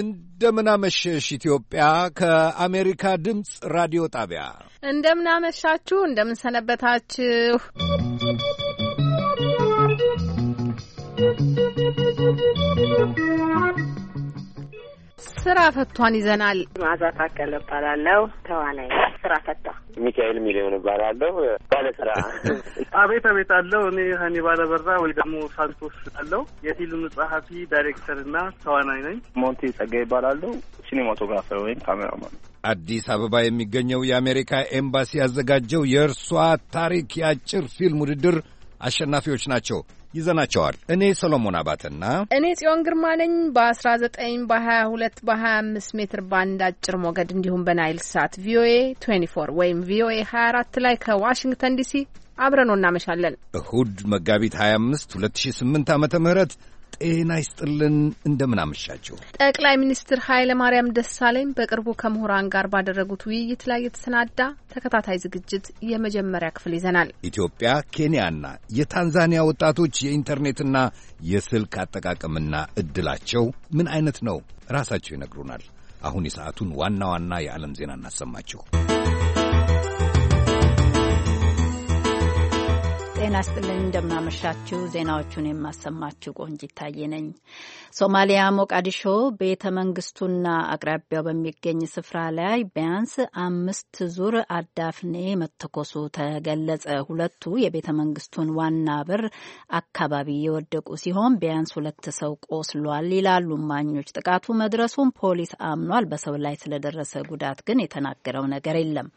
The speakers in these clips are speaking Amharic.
እንደምናመሸሽ ኢትዮጵያ ከአሜሪካ ድምፅ ራዲዮ ጣቢያ እንደምናመሻችሁ፣ እንደምንሰነበታችሁ። Thank you. ስራ ፈቷን ይዘናል። ማዛ ታከለ እባላለሁ። ተዋናይ ስራ ፈቷ። ሚካኤል ሚሊዮን እባላለሁ። ባለስራ አቤት አቤት አለው። እኔ ሀኒ ባለበራ ወይ ደግሞ ሳንቶስ አለው የፊልም ጸሐፊ ዳይሬክተር እና ተዋናይ ነኝ። ሞንቴ ጸጋ ይባላለሁ። ሲኔማቶግራፈር ወይም ካሜራማን አዲስ አበባ የሚገኘው የአሜሪካ ኤምባሲ ያዘጋጀው የእርሷ ታሪክ የአጭር ፊልም ውድድር አሸናፊዎች ናቸው። ይዘናቸዋል። እኔ ሰሎሞን አባትና እኔ ጽዮን ግርማ ነኝ። በ19 በ22 በ25 ሜትር ባንድ አጭር ሞገድ እንዲሁም በናይል ሳት ቪኦኤ 24 ወይም ቪኦኤ 24 ላይ ከዋሽንግተን ዲሲ አብረኖ እናመሻለን። እሁድ መጋቢት 25 2008 ዓ ም ጤና ይስጥልን እንደምን አመሻችሁ። ጠቅላይ ሚኒስትር ኃይለ ማርያም ደሳለኝ በቅርቡ ከምሁራን ጋር ባደረጉት ውይይት ላይ የተሰናዳ ተከታታይ ዝግጅት የመጀመሪያ ክፍል ይዘናል። ኢትዮጵያ፣ ኬንያና የታንዛኒያ ወጣቶች የኢንተርኔትና የስልክ አጠቃቀምና እድላቸው ምን አይነት ነው? ራሳቸው ይነግሩናል። አሁን የሰዓቱን ዋና ዋና የዓለም ዜና እናሰማችሁ። ጤና ስጥልኝ እንደምናመሻችሁ። ዜናዎቹን የማሰማችሁ ቆንጅ ይታየ ነኝ። ሶማሊያ ሞቃዲሾ ቤተ መንግስቱና አቅራቢያው በሚገኝ ስፍራ ላይ ቢያንስ አምስት ዙር አዳፍኔ መተኮሱ ተገለጸ። ሁለቱ የቤተ መንግስቱን ዋና በር አካባቢ የወደቁ ሲሆን ቢያንስ ሁለት ሰው ቆስሏል ይላሉ ማኞች ጥቃቱ መድረሱን ፖሊስ አምኗል። በሰው ላይ ስለደረሰ ጉዳት ግን የተናገረው ነገር የለም።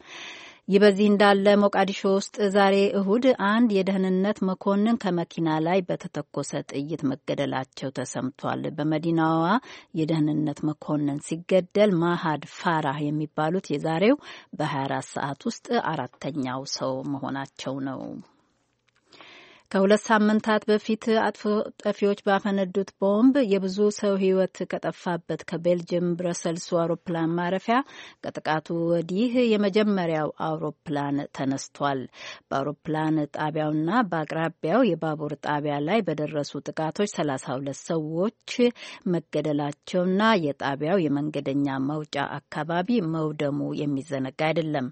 ይህ በዚህ እንዳለ ሞቃዲሾ ውስጥ ዛሬ እሁድ አንድ የደህንነት መኮንን ከመኪና ላይ በተተኮሰ ጥይት መገደላቸው ተሰምቷል። በመዲናዋ የደህንነት መኮንን ሲገደል ማሃድ ፋራህ የሚባሉት የዛሬው በ24 ሰዓት ውስጥ አራተኛው ሰው መሆናቸው ነው። ከሁለት ሳምንታት በፊት አጥፎ ጠፊዎች ባፈነዱት ቦምብ የብዙ ሰው ሕይወት ከጠፋበት ከቤልጅየም ብረሰልሱ አውሮፕላን ማረፊያ ከጥቃቱ ወዲህ የመጀመሪያው አውሮፕላን ተነስቷል። በአውሮፕላን ጣቢያውና በአቅራቢያው የባቡር ጣቢያ ላይ በደረሱ ጥቃቶች ሰላሳ ሁለት ሰዎች መገደላቸውና የጣቢያው የመንገደኛ መውጫ አካባቢ መውደሙ የሚዘነጋ አይደለም።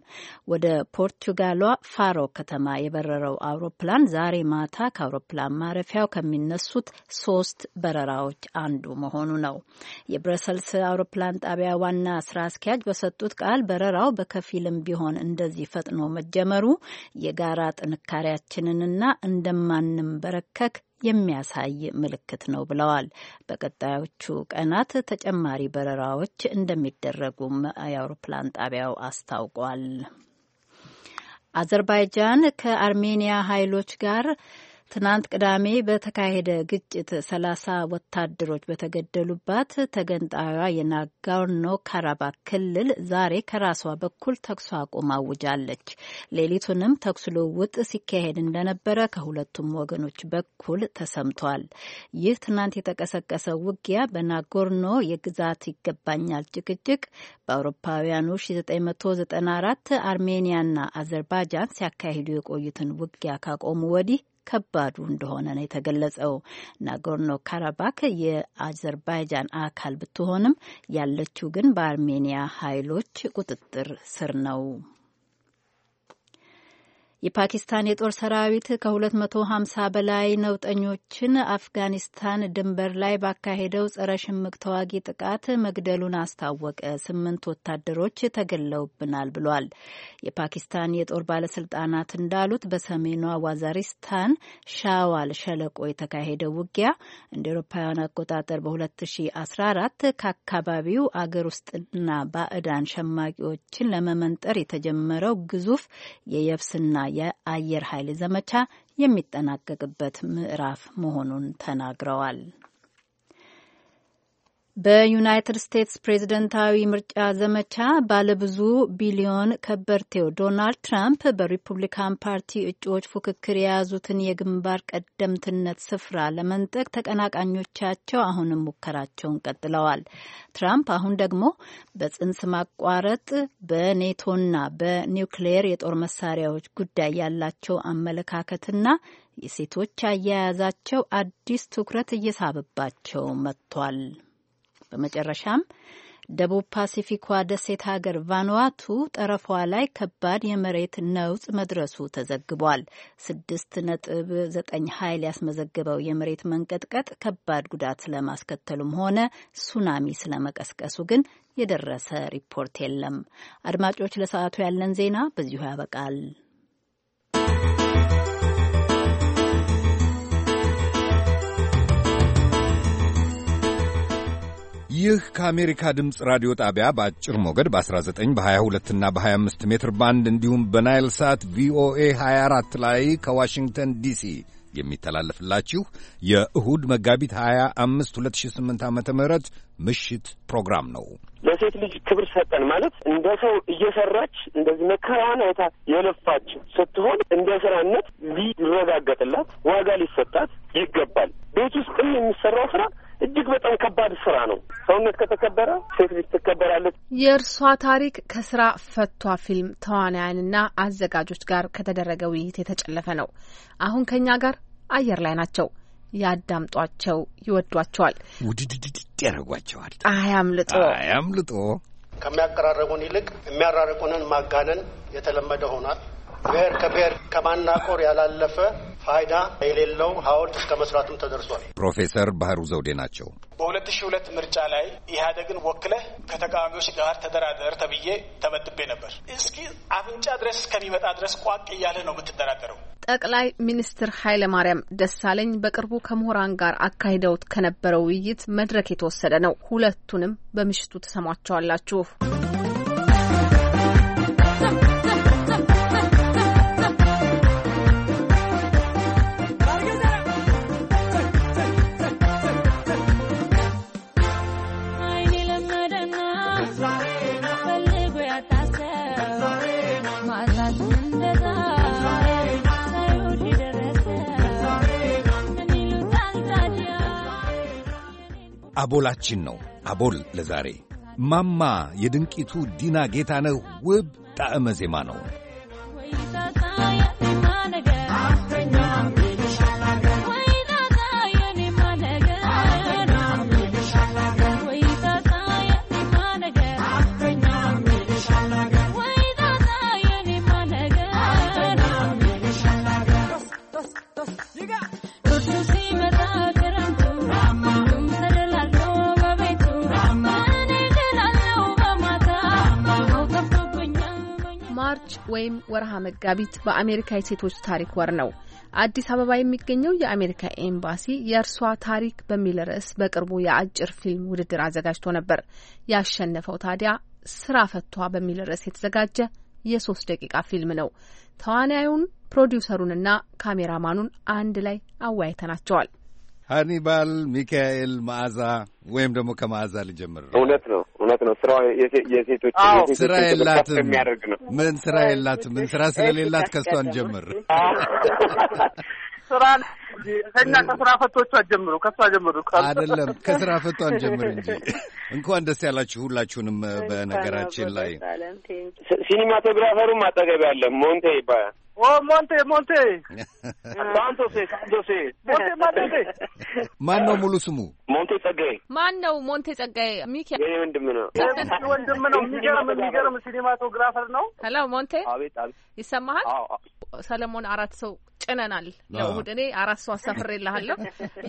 ወደ ፖርቱጋሏ ፋሮ ከተማ የበረረው አውሮፕላን ዛሬ ማ ማታ ከአውሮፕላን ማረፊያው ከሚነሱት ሶስት በረራዎች አንዱ መሆኑ ነው። የብረሰልስ አውሮፕላን ጣቢያ ዋና ስራ አስኪያጅ በሰጡት ቃል በረራው በከፊልም ቢሆን እንደዚህ ፈጥኖ መጀመሩ የጋራ ጥንካሬያችንንና በረከክ የሚያሳይ ምልክት ነው ብለዋል። በቀጣዮቹ ቀናት ተጨማሪ በረራዎች እንደሚደረጉም የአውሮፕላን ጣቢያው አስታውቋል። አዘርባይጃን ከአርሜኒያ ኃይሎች ጋር ትናንት ቅዳሜ በተካሄደ ግጭት ሰላሳ ወታደሮች በተገደሉባት ተገንጣዩዋ የናጋርኖ ካራባክ ክልል ዛሬ ከራሷ በኩል ተኩስ አቁም አውጃለች። ሌሊቱንም ተኩስ ልውውጥ ሲካሄድ እንደነበረ ከሁለቱም ወገኖች በኩል ተሰምቷል። ይህ ትናንት የተቀሰቀሰው ውጊያ በናጎርኖ የግዛት ይገባኛል ጭቅጭቅ በአውሮፓውያኑ 1994 አርሜኒያና አዘርባይጃን ሲያካሂዱ የቆዩትን ውጊያ ካቆሙ ወዲህ ከባዱ እንደሆነ ነው የተገለጸው። ናጎርኖ ካራባክ የአዘርባይጃን አካል ብትሆንም ያለችው ግን በአርሜኒያ ኃይሎች ቁጥጥር ስር ነው። የፓኪስታን የጦር ሰራዊት ከ250 በላይ ነውጠኞችን አፍጋኒስታን ድንበር ላይ ባካሄደው ጸረ ሽምቅ ተዋጊ ጥቃት መግደሉን አስታወቀ። ስምንት ወታደሮች ተገለውብናል ብሏል። የፓኪስታን የጦር ባለስልጣናት እንዳሉት በሰሜኗ ዋዛሪስታን ሻዋል ሸለቆ የተካሄደው ውጊያ እንደ ኤሮፓውያን አቆጣጠር በ2014 ከአካባቢው አገር ውስጥና ባዕዳን ሸማቂዎችን ለመመንጠር የተጀመረው ግዙፍ የየብስና የአየር ኃይል ዘመቻ የሚጠናቀቅበት ምዕራፍ መሆኑን ተናግረዋል። በዩናይትድ ስቴትስ ፕሬዝደንታዊ ምርጫ ዘመቻ ባለብዙ ቢሊዮን ከበርቴው ዶናልድ ትራምፕ በሪፑብሊካን ፓርቲ እጩዎች ፉክክር የያዙትን የግንባር ቀደምትነት ስፍራ ለመንጠቅ ተቀናቃኞቻቸው አሁንም ሙከራቸውን ቀጥለዋል። ትራምፕ አሁን ደግሞ በጽንስ ማቋረጥ፣ በኔቶና በኒውክሌየር የጦር መሳሪያዎች ጉዳይ ያላቸው አመለካከትና የሴቶች አያያዛቸው አዲስ ትኩረት እየሳበባቸው መጥቷል። በመጨረሻም ደቡብ ፓሲፊኳ ደሴት ሀገር ቫኑዋቱ ጠረፏ ላይ ከባድ የመሬት ነውጥ መድረሱ ተዘግቧል። ስድስት ነጥብ ዘጠኝ ኃይል ያስመዘገበው የመሬት መንቀጥቀጥ ከባድ ጉዳት ስለማስከተሉም ሆነ ሱናሚ ስለመቀስቀሱ ግን የደረሰ ሪፖርት የለም። አድማጮች፣ ለሰዓቱ ያለን ዜና በዚሁ ያበቃል። ይህ ከአሜሪካ ድምፅ ራዲዮ ጣቢያ በአጭር ሞገድ በ19 በ22 እና በ25 ሜትር ባንድ እንዲሁም በናይል ሳት ቪኦኤ 24 ላይ ከዋሽንግተን ዲሲ የሚተላለፍላችሁ የእሁድ መጋቢት 25 2008 ዓ ም ምሽት ፕሮግራም ነው። ለሴት ልጅ ክብር ሰጠን ማለት እንደ ሰው እየሰራች እንደዚህ መከራዋን አይታ የለፋች ስትሆን እንደ ስራነት ሊረጋገጥላት ዋጋ ሊሰጣት ይገባል። ቤት ውስጥም የሚሰራው ስራ እጅግ በጣም ከባድ ስራ ነው። ሰውነት ከተከበረ ሴት ልጅ ትከበራለች። የእርሷ ታሪክ ከስራ ፈቷ ፊልም ተዋናያንና አዘጋጆች ጋር ከተደረገ ውይይት የተጨለፈ ነው። አሁን ከኛ ጋር አየር ላይ ናቸው። ያዳምጧቸው፣ ይወዷቸዋል፣ ውድድድድ ያደርጓቸዋል። አያምልጦ አያምልጦ። ከሚያቀራረቡን ይልቅ የሚያራርቁንን ማጋነን የተለመደ ሆኗል። ብሔር ከብሔር ከማናቆር ያላለፈ ፋይዳ የሌለው ሐውልት እስከ መስራቱም ተደርሷል። ፕሮፌሰር ባህሩ ዘውዴ ናቸው። በሁለት ሺ ሁለት ምርጫ ላይ ኢህአዴግን ወክለህ ከተቃዋሚዎች ጋር ተደራደር ተብዬ ተመድቤ ነበር። እስኪ አፍንጫ ድረስ እስከሚመጣ ድረስ ቋቅ እያለህ ነው የምትደራደረው። ጠቅላይ ሚኒስትር ኃይለማርያም ደሳለኝ በቅርቡ ከምሁራን ጋር አካሂደውት ከነበረው ውይይት መድረክ የተወሰደ ነው። ሁለቱንም በምሽቱ ትሰሟቸዋላችሁ። አቦላችን ነው። አቦል ለዛሬ ማማ የድንቂቱ ዲና ጌታነህ ውብ ጣዕመ ዜማ ነው። ወርሃ መጋቢት በአሜሪካ የሴቶች ታሪክ ወር ነው። አዲስ አበባ የሚገኘው የአሜሪካ ኤምባሲ የእርሷ ታሪክ በሚል ርዕስ በቅርቡ የአጭር ፊልም ውድድር አዘጋጅቶ ነበር። ያሸነፈው ታዲያ ስራ ፈቷ በሚል ርዕስ የተዘጋጀ የሶስት ደቂቃ ፊልም ነው። ተዋናዩን ፕሮዲውሰሩንና ካሜራማኑን አንድ ላይ አወያይተናቸዋል። ሃኒባል ሚካኤል መዓዛ ወይም ደግሞ ከመዓዛ ልጀምር ነው። እውነት ነው፣ እውነት ነው። ስራ የሴቶች ስራ የላትም የሚያደርግ ነው። ምን ስራ የላትም። ምን ስራ ስለሌላት ከእሷን ጀምር። ስራ ከእኛ ከስራ ፈቶቿ ጀምሩ፣ ከእሷ ጀምሩ። አይደለም ከስራ ፈቷን ጀምር እንጂ። እንኳን ደስ ያላችሁ ሁላችሁንም። በነገራችን ላይ ሲኒማቶግራፈሩም አጠገብ ያለ ሞንቴ ይባላል Oh, Monte, Monte. ቃንቶ ሴ ቃንቶ ሴ ሞንቴ ሙሉ ስሙ? ሞንቴ ጸጋዬ። ማን ሞንቴ ጸጋዬ? ሚኪ ወንድም ነው፣ ወንድም ነው። የሚገርም የሚገርም ሲኒማቶግራፈር ነው። ሄሎ ሞንቴ። አቤት አቤት፣ ይሰማሃል? ሰለሞን አራት ሰው ጭነናል ለእሁድ። እኔ አራት ሰው አሳፍሬልሃለሁ።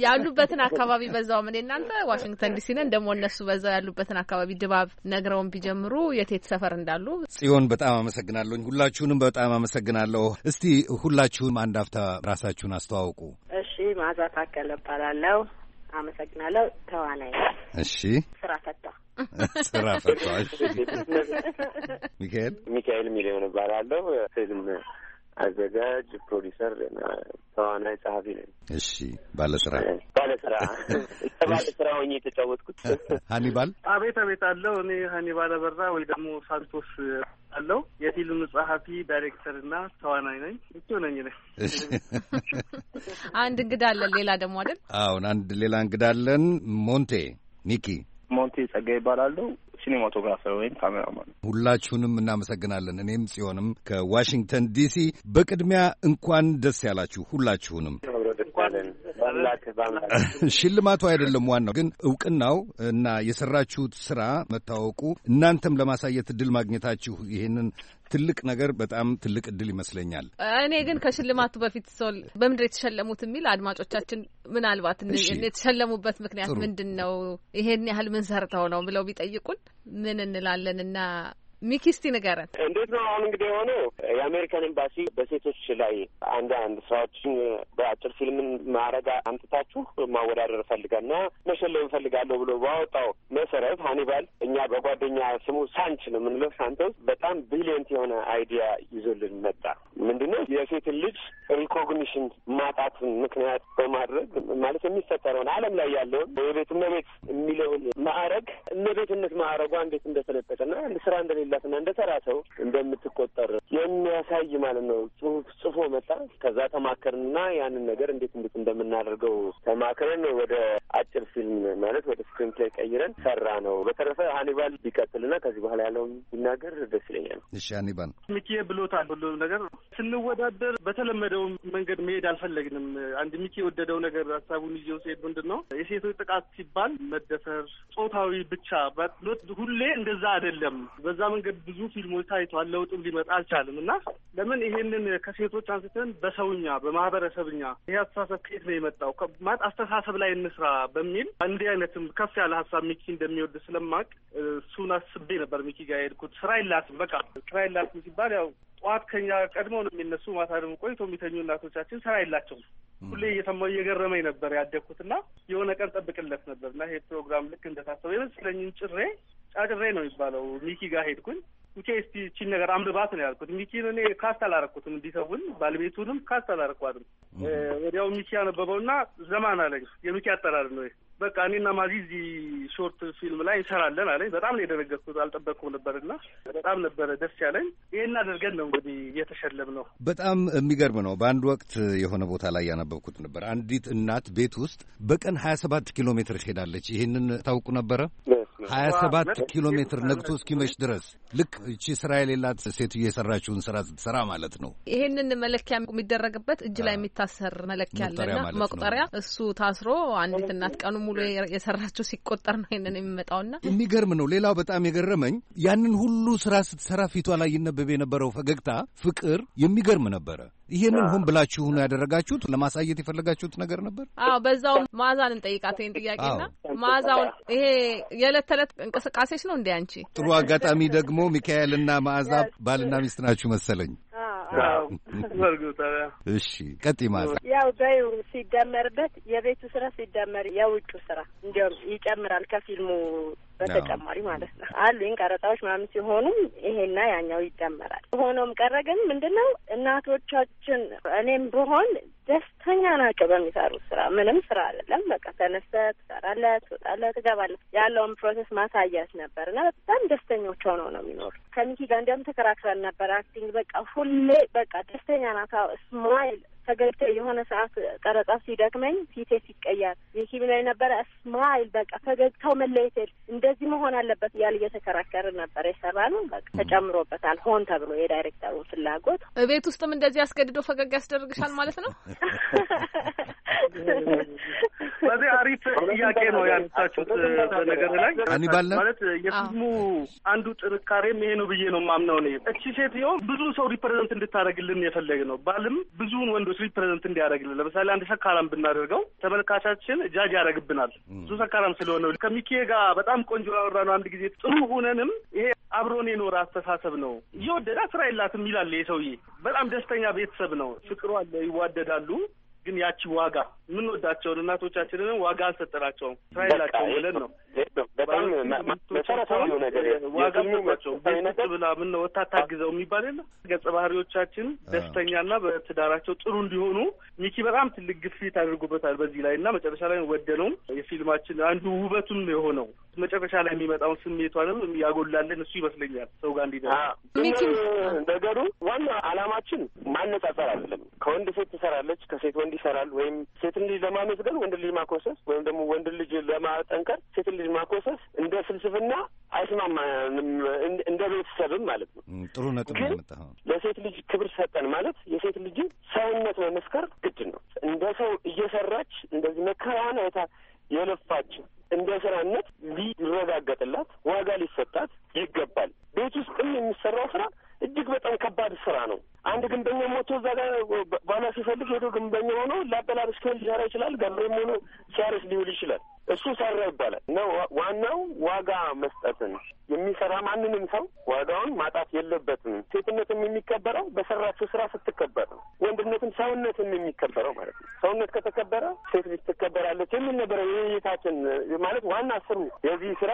ያሉበትን አካባቢ በዛው ምን እናንተ ዋሽንግተን ዲሲ ነን፣ ደግሞ እነሱ በዛው ያሉበትን አካባቢ ድባብ ነግረውን ቢጀምሩ የቴት ሰፈር እንዳሉ። ጽዮን በጣም አመሰግናለሁኝ። ሁላችሁንም በጣም አመሰግናለሁ። እስቲ ሁላችሁም አንድ አፍታ ራሳችሁን አስተዋውቁ። እሺ፣ ማዛ ታከለ እባላለሁ። አመሰግናለሁ። ተዋናይ። እሺ። ስራ ፈታ ስራ ፈቷ። እሺ። ሚካኤል ሚካኤል ሚሊዮን እባላለሁ። ፊልም አዘጋጅ፣ ፕሮዲሰር ተዋናይ ጸሐፊ ነኝ። እሺ፣ ባለስራ ባለስራ ባለስራ ሆኜ የተጫወትኩት ሀኒባል። አቤት አቤት አለው። እኔ ሀኒባል አበራ ወይ ደግሞ ሳንቶስ አለው የፊልም ጸሐፊ ዳይሬክተር እና ተዋናይ ነኝ። ብቻ ነኝ ነ አንድ እንግዳ አለን። ሌላ ደግሞ አይደል? አሁን አንድ ሌላ እንግዳ አለን። ሞንቴ ኒኪ ሞንቴ ጸጋ ይባላሉ። ሲኔማቶግራፈር ወይም ካሜራማን። ሁላችሁንም እናመሰግናለን። እኔም ጽዮንም ከዋሽንግተን ዲሲ። በቅድሚያ እንኳን ደስ ያላችሁ ሁላችሁንም። ሽልማቱ አይደለም ዋናው፣ ግን እውቅናው እና የሰራችሁት ስራ መታወቁ እናንተም ለማሳየት እድል ማግኘታችሁ ይህንን ትልቅ ነገር በጣም ትልቅ እድል ይመስለኛል። እኔ ግን ከሽልማቱ በፊት ሶል በምንድን የተሸለሙት የሚል አድማጮቻችን ምናልባት የተሸለሙበት ምክንያት ምንድን ነው፣ ይሄን ያህል ምን ሰርተው ነው ብለው ቢጠይቁን ምን እና ሚኪ እስቲ ንገረን እንዴት ነው አሁን እንግዲህ የሆነው የአሜሪካን ኤምባሲ በሴቶች ላይ አንዳንድ ስራዎችን በአጭር ፊልምን ማረግ አምጥታችሁ ማወዳደር እፈልጋለሁ እና መሸለም እፈልጋለሁ ብሎ ባወጣው መሰረት ሀኒባል እኛ በጓደኛ ስሙ ሳንች ነው የምንለው ሳንቶስ በጣም ብሊየንት የሆነ አይዲያ ይዞልን መጣ ምንድነው የሴትን ልጅ ሪኮግኒሽን ማጣትን ምክንያት በማድረግ ማለት የሚፈጠረውን አለም ላይ ያለውን የቤት እመቤት የሚለውን ማዕረግ እመቤትነት ማዕረጓ እንዴት እንደተነጠቀና ስራ እንደሌለ እንደሌላትና እንደ ተራ ሰው እንደምትቆጠር የሚያሳይ ማለት ነው ጽሁፍ ጽፎ መጣ። ከዛ ተማከርንና ያንን ነገር እንዴት እንዴት እንደምናደርገው ተማክረን ወደ አጭር ፊልም ማለት ወደ ስክሪን ፕሌይ ቀይረን ሰራ ነው። በተረፈ ሀኒባል ቢቀጥልና ከዚህ በኋላ ያለውን ቢናገር ደስ ይለኛል። እሺ ሀኒባል ሚኪዬ ብሎታል። ሁሉም ነገር ስንወዳደር በተለመደው መንገድ መሄድ አልፈለግንም። አንድ ሚኪ የወደደው ነገር ሀሳቡን ይዤው ሲሄድ ምንድን ነው የሴቶች ጥቃት ሲባል መደፈር ጾታዊ ብቻ ሁሌ እንደዛ አይደለም። በዛ መንገድ ብዙ ፊልሞች ታይቷል። ለውጥም ሊመጣ አልቻለም እና ለምን ይሄንን ከሴቶች አንስተን በሰውኛ በማህበረሰብኛ ይህ አስተሳሰብ ከየት ነው የመጣው ማለት አስተሳሰብ ላይ እንስራ በሚል እንዲህ አይነትም ከፍ ያለ ሀሳብ ሚኪ እንደሚወድ ስለማቅ እሱን አስቤ ነበር ሚኪ ጋር የሄድኩት። ስራ የላትም በቃ ስራ የላትም ሲባል ያው ጠዋት ከኛ ቀድመው ነው የሚነሱ፣ ማታ ደግሞ ቆይቶ የሚተኙ እናቶቻችን ስራ የላቸውም። ሁሌ እየሰማሁ እየገረመኝ ነበር ያደግኩትና የሆነ ቀን ጠብቅለት ነበር እና ይሄ ፕሮግራም ልክ እንደታሰበ የመስለኝን ጭሬ ጫጭሬ ነው የሚባለው ሚኪ ጋር ሄድኩኝ። ሚኪ እስቲ ቺን ነገር አንብባት ነው ያልኩት። ሚኪን እኔ ካስት አላረኩትም እንዲሰውን ባለቤቱንም ካስት አላረኳትም። ወዲያው ሚኪ ያነበበውና ዘማን አለኝ። የሚኪ አጠራር ነው በቃ እኔና ማዚ እዚህ ሾርት ፊልም ላይ እንሰራለን አለኝ። በጣም ነው የደነገጥኩት፣ አልጠበቅኩም ነበርና በጣም ነበረ ደስ ያለኝ። ይህን አድርገን ነው እንግዲህ እየተሸለም ነው። በጣም የሚገርም ነው። በአንድ ወቅት የሆነ ቦታ ላይ ያነበብኩት ነበር። አንዲት እናት ቤት ውስጥ በቀን ሀያ ሰባት ኪሎ ሜትር ሄዳለች። ይህንን ታውቁ ነበረ? ሀያ ሰባት ኪሎ ሜትር ነግቶ እስኪመሽ ድረስ ልክ እቺ ስራ የሌላት ሴትዮ የሰራችውን ስራ ስትሰራ ማለት ነው። ይሄንን መለኪያ የሚደረግበት እጅ ላይ የሚታሰር መለኪያ አለና መቁጠሪያ፣ እሱ ታስሮ አንዲት እናት ቀኑ ሙሉ የሰራችው ሲቆጠር ነው ይሄንን የሚመጣውና የሚገርም ነው። ሌላው በጣም የገረመኝ ያንን ሁሉ ስራ ስትሰራ ፊቷ ላይ ይነበብ የነበረው ፈገግታ፣ ፍቅር የሚገርም ነበረ። ይሄንን ሆን ብላችሁ ነው ያደረጋችሁት? ለማሳየት የፈለጋችሁት ነገር ነበር? አዎ። በዛው መዓዛን እንጠይቃት ይህን ጥያቄና መዓዛውን ይሄ የዕለት ተዕለት እንቅስቃሴች ነው እንዴ አንቺ። ጥሩ አጋጣሚ ደግሞ ሚካኤልና መዓዛ ባልና ሚስት ናችሁ መሰለኝ። እሺ ቀጥ ማዛ ያው በይው ሲደመርበት የቤቱ ስራ ሲደመር የውጩ ስራ እንዲያውም ይጨምራል ከፊልሙ በተጨማሪ ማለት ነው አሉኝ ቀረጻዎች ምናምን ሲሆኑም ይሄና ያኛው ይጨመራል። ሆኖም ቀረ ግን ምንድን ነው እናቶቻችን እኔም ብሆን ደስተኛ ናቸው በሚሰሩት ስራ። ምንም ስራ አይደለም በቃ ተነስተህ ትሰራለህ፣ ትወጣለህ፣ ትገባለህ ያለውን ፕሮሰስ ማሳያት ነበር እና በጣም ደስተኞች ሆነው ነው የሚኖሩ። ከሚኪ ጋር እንዲያውም ተከራክረን ነበር አክቲንግ በቃ ሁሌ በቃ ደስተኛ ናታ ስማይል ፈገግታ የሆነ ሰዓት ቀረጻ ሲደክመኝ ፊቴ ሲቀያር የኪም ላይ ነበረ ስማይል በቃ ፈገግታው መለየት እንደዚህ መሆን አለበት እያል እየተከራከርን ነበር የሰራ ነው። በቃ ተጨምሮበታል ሆን ተብሎ የዳይሬክተሩ ፍላጎት። ቤት ውስጥም እንደዚህ አስገድዶ ፈገግ ያስደርግሻል ማለት ነው። በዚህ አሪፍ ጥያቄ ነው ያነሳችሁት። በነገር ላይ ማለት የፊልሙ አንዱ ጥንካሬ ይሄ ነው ብዬ ነው የማምነው እኔ። እቺ ሴትዮ ብዙ ሰው ሪፕሬዘንት እንድታደርግልን የፈለግ ነው። ባልም ብዙውን ወንዶች ሪፕሬዘንት እንዲያደርግልን፣ ለምሳሌ አንድ ሰካራም ብናደርገው ተመልካቻችን ጃጅ ያደርግብናል። ብዙ ሰካራም ስለሆነ ከሚኬ ጋር በጣም ቆንጆ ያወራ ነው አንድ ጊዜ ጥሩ ሁነንም ይሄ አብሮን የኖረ አስተሳሰብ ነው። እየወደዳ ስራ የላትም ይላል ይሄ ሰውዬ። በጣም ደስተኛ ቤተሰብ ነው። ፍቅሩ አለ፣ ይዋደዳሉ። ግን ያቺ ዋጋ የምንወዳቸውን እናቶቻችንንም ዋጋ አልሰጠናቸውም። ስራ የላቸውም ብለን ነው በጣም መሰረታዊ ነገር ዋጋ ናቸው። ቤት ብላ ምን ነው ታታግዘው የሚባል የለ ገጸ ባህሪዎቻችን ደስተኛና በትዳራቸው ጥሩ እንዲሆኑ ሚኪ በጣም ትልቅ ግፊት አድርጎበታል በዚህ ላይ እና መጨረሻ ላይ ወደነውም የፊልማችን አንዱ ውበቱም የሆነው መጨረሻ ላይ የሚመጣውን ስሜቷንም ያጎላለን እሱ ይመስለኛል ሰው ጋር እንዲደ ነገሩ ዋና አላማችን ማነጻጸር አይደለም። ከወንድ ሴት ትሰራለች፣ ከሴት ወንድ ይሰራል። ወይም ሴትን ልጅ ለማመስገን ወንድ ልጅ ማኮሰስ ወይም ደግሞ ወንድ ልጅ ለማጠንከር ሴትን ልጅ ማኮሰስ እንደ ፍልስፍና አይስማማንም፣ እንደ ቤተሰብም ማለት ነው። ጥሩ ነጥብ ግን ለሴት ልጅ ክብር ሰጠን ማለት የሴት ልጅ ሰውነት መመስከር ግድ ነው። እንደ ሰው እየሰራች እንደዚህ መከራዋን አይታ የለፋች እንደ ስራነት ሊረጋገጥላት ዋጋ ሊሰጣት ይገባል። ቤት ውስጥም የሚሰራው ስራ እጅግ በጣም ከባድ ስራ ነው። አንድ ግንበኛ ሞቶ እዛ ጋር ባሏ ሲፈልግ ሄዶ ግንበኛ ሆኖ ላበላበስ ሊሰራ ይችላል። ገምሬም ሆኖ ሲያርስ ሊውል ይችላል። እሱ ሰራ ይባላል እና ዋናው ዋጋ መስጠትን የሚሰራ ማንንም ሰው ዋጋውን ማጣት የለበትም። ሴትነትም የሚከበረው በሰራችው ስራ ስትከበር ነው። ወንድነትም ሰውነትም የሚከበረው ማለት ነው። ሰውነት ከተከበረ ሴት ልጅ ትከበራለች የሚል ነበረ የውይይታችን ማለት ዋና ስሩ የዚህ ስራ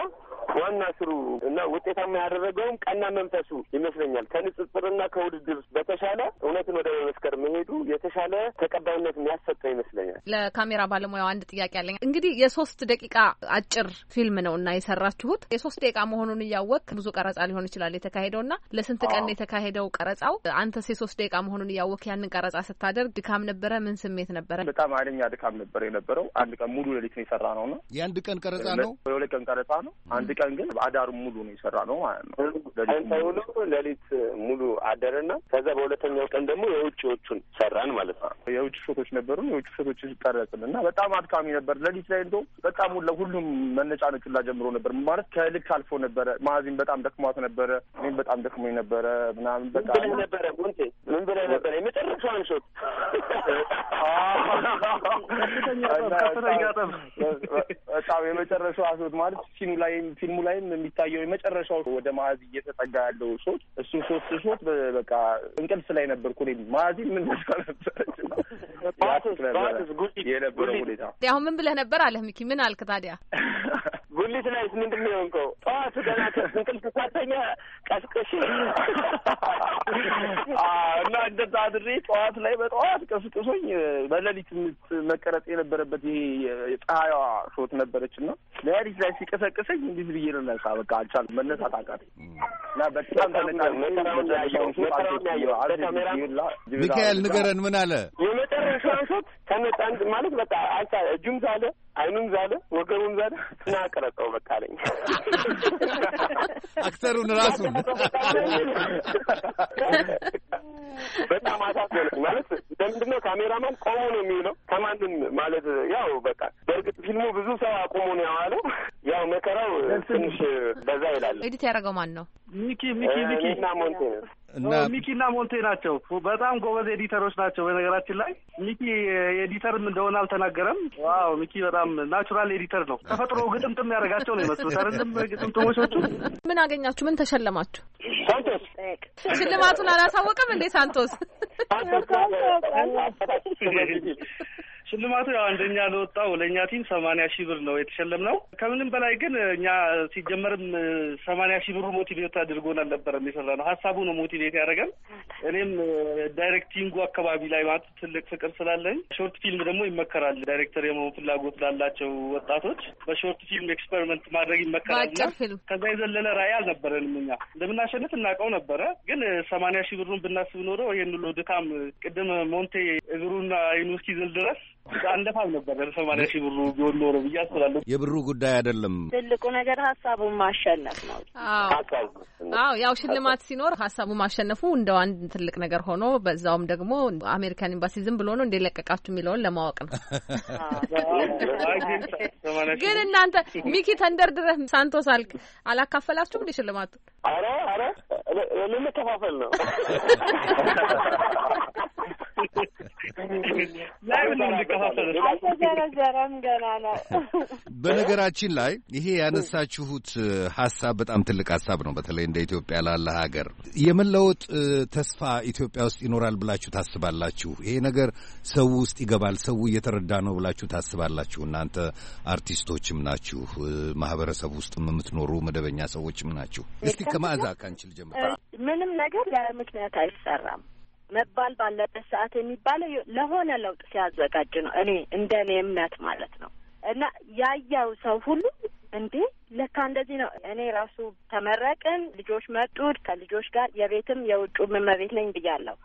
ዋና ስሩ እና ውጤታማ ያደረገውም ቀና መንፈሱ ይመስለኛል። ከንጽጽርና ከውድድር በተሻለ እውነትን ወደ መመስከር መሄዱ የተሻለ ተቀባይነት የሚያሰጠው ይመስለኛል። ለካሜራ ባለሙያው አንድ ጥያቄ አለኝ። እንግዲህ የሶስት ደቂቃ አጭር ፊልም ነው እና የሰራችሁት የሶስት ደቂቃ መሆኑን እያወቅ ብዙ ቀረጻ ሊሆን ይችላል የተካሄደው ና ለስንት ቀን የተካሄደው ቀረጻው? አንተስ የሶስት ደቂቃ መሆኑን እያወቅ ያንን ቀረጻ ስታደርግ ድካም ነበረ? ምን ስሜት ነበረ? በጣም አይለኛ ድካም ነበረ የነበረው። አንድ ቀን ሙሉ ሌሊት ነው የሰራ ነው ና የአንድ ቀን ቀረጻ ነው የሁለት ቀን ቀረጻ ነው። አንድ ቀን ግን አዳሩ ሙሉ ነው የሰራ ነው ማለት ነው። ሌሊት ሙሉ አደረና ከዛ በሁለተኛው ቀን ደግሞ የውጭዎቹን ሰራን ማለት ነው። የውጭ ሾቶች ነበሩ። የውጭ ሾቶች ቀረጽን እና በጣም አድካሚ ነበር ሌሊት ላይ እንደውም በጣም ለሁሉም መነጫነጭ ሁላ ጀምሮ ነበር ማለት ከልክ አልፎ ነበረ። ማዚን በጣም ደክሟት ነበረ፣ እኔም በጣም ደክሞኝ ነበረ ምናምን በቃ ምን ብለህ ነበረ? ጉንቴ ምን ብለህ ነበረ? የመጨረሻውን ሾት በጣም የመጨረሻው ሾት ማለት ፊልሙ ላይ ፊልሙ ላይም የሚታየው የመጨረሻው ወደ ማዚ እየተጠጋ ያለው ሾት እሱ ሶስት ሾት በቃ እንቅልፍ ላይ ነበርኩ እኔ ማዚ ምን ነበር ነበረች የነበረው ሁኔታ አሁን ምን ብለህ ነበር አለህ ሚኪ ምን ምን አልክ ታዲያ? ጉሊት ላይ ምንድን ነው የሆንከው? ጠዋቱ ገና ከእንቅልፍ ሳተኛ ቀስቅሽ እና እንደዛ አድሬ ጠዋት ላይ በጠዋት ቀስቅሶኝ በሌሊት ምት መቀረጽ የነበረበት ይሄ የፀሐይዋ ሾት ነበረች እና ሌሊት ላይ ሲቀሰቅሰኝ እንዲህ ብዬ ነው ነሳ። በቃ አልቻልኩም መነሳት አቃተኝ እና በጣም ሚካኤል ንገረን ምን አለ የመጨረሻ ሾት ከነጣ ማለት በቃ አልቻለ እጁም ሳለ አይኑም ዛለ፣ ወገቡም ዛለ። ና ቀረጸው በቃ አለኝ አክተሩን ራሱ በጣም አሳዘነኝ። ማለት ለምንድን ነው ካሜራማን ቆሞ ነው የሚውለው? ከማንም ማለት ያው በቃ በእርግጥ ፊልሙ ብዙ ሰው አቁሞ ነው ያዋለው። ያው መከራው ትንሽ በዛ ይላል። ኤዲት ያደረገው ማን ነው? ሚኪ ሚኪ ሚኪ እና ሞንቴ እና ሚኪና ሞንቴ ናቸው በጣም ጎበዝ ኤዲተሮች ናቸው። በነገራችን ላይ ሚኪ ኤዲተርም እንደሆነ አልተናገረም። ዋው ሚኪ በጣም ናቹራል ኤዲተር ነው። ተፈጥሮ ግጥምጥም ያደርጋቸው ነው ይመስሉት አይደለም? ግጥምጥሞሾቹ ምን አገኛችሁ? ምን ተሸለማችሁ? ሳንቶስ ሽልማቱን አላሳወቅም እንዴ? ሳንቶስ ሽልማቱ ያው አንደኛ ለወጣው ለእኛ ቲም ሰማንያ ሺህ ብር ነው የተሸለምነው። ከምንም በላይ ግን እኛ ሲጀመርም ሰማንያ ሺህ ብሩ ሞቲቬት አድርጎን አልነበረም የሰራነው፣ ሀሳቡ ነው ሞቲቬት ያደረገን። እኔም ዳይሬክቲንጉ አካባቢ ላይ ማለት ትልቅ ፍቅር ስላለኝ ሾርት ፊልም ደግሞ ይመከራል። ዳይሬክተር የመሆን ፍላጎት ላላቸው ወጣቶች በሾርት ፊልም ኤክስፐሪመንት ማድረግ ይመከራል። ከዛ የዘለለ ራዕይ አልነበረንም። እኛ እንደምናሸንፍ እናውቀው ነበረ፣ ግን ሰማንያ ሺህ ብሩን ብናስብ ኖረው ይህን ሁሉ ድካም ቅድም ሞንቴ እግሩና አይኑ እስኪዝል ድረስ አንደፋም ነበር ሰማንያ ሺህ ብሩ ቢሆን ኖሮ ብዬ አስላለሁ። የብሩ ጉዳይ አይደለም። ትልቁ ነገር ሀሳቡን ማሸነፍ ነው። አዎ ያው ሽልማት ሲኖር ሀሳቡ ማሸነፉ እንደው አንድ ትልቅ ነገር ሆኖ በዛውም ደግሞ አሜሪካን ኤምባሲ ዝም ብሎ ነው እንደ ለቀቃችሁ የሚለውን ለማወቅ ነው። ግን እናንተ ሚኪ ተንደርድረህ ሳንቶስ አልክ አላካፈላችሁም እንደ ሽልማቱን? ኧረ ኧረ ልንከፋፈል ነው አልተዘረዘረም ገና ነው። በነገራችን ላይ ይሄ ያነሳችሁት ሀሳብ በጣም ትልቅ ሀሳብ ነው። በተለይ እንደ ኢትዮጵያ ላለ ሀገር የመለወጥ ተስፋ ኢትዮጵያ ውስጥ ይኖራል ብላችሁ ታስባላችሁ? ይሄ ነገር ሰው ውስጥ ይገባል፣ ሰው እየተረዳ ነው ብላችሁ ታስባላችሁ? እናንተ አርቲስቶችም ናችሁ፣ ማህበረሰብ ውስጥም የምትኖሩ መደበኛ ሰዎችም ናችሁ። እስቲ ከመዓዛ ካንችል ልጀምር። ምንም ነገር ያለ ምክንያት አይሰራም። መባል ባለበት ሰዓት የሚባለው ለሆነ ለውጥ ሲያዘጋጅ ነው። እኔ እንደ እኔ እምነት ማለት ነው። እና ያያው ሰው ሁሉ እንዴ ለካ እንደዚህ ነው። እኔ ራሱ ተመረቅን፣ ልጆች መጡት፣ ከልጆች ጋር የቤትም የውጭ እመቤት ነኝ ብያለሁ።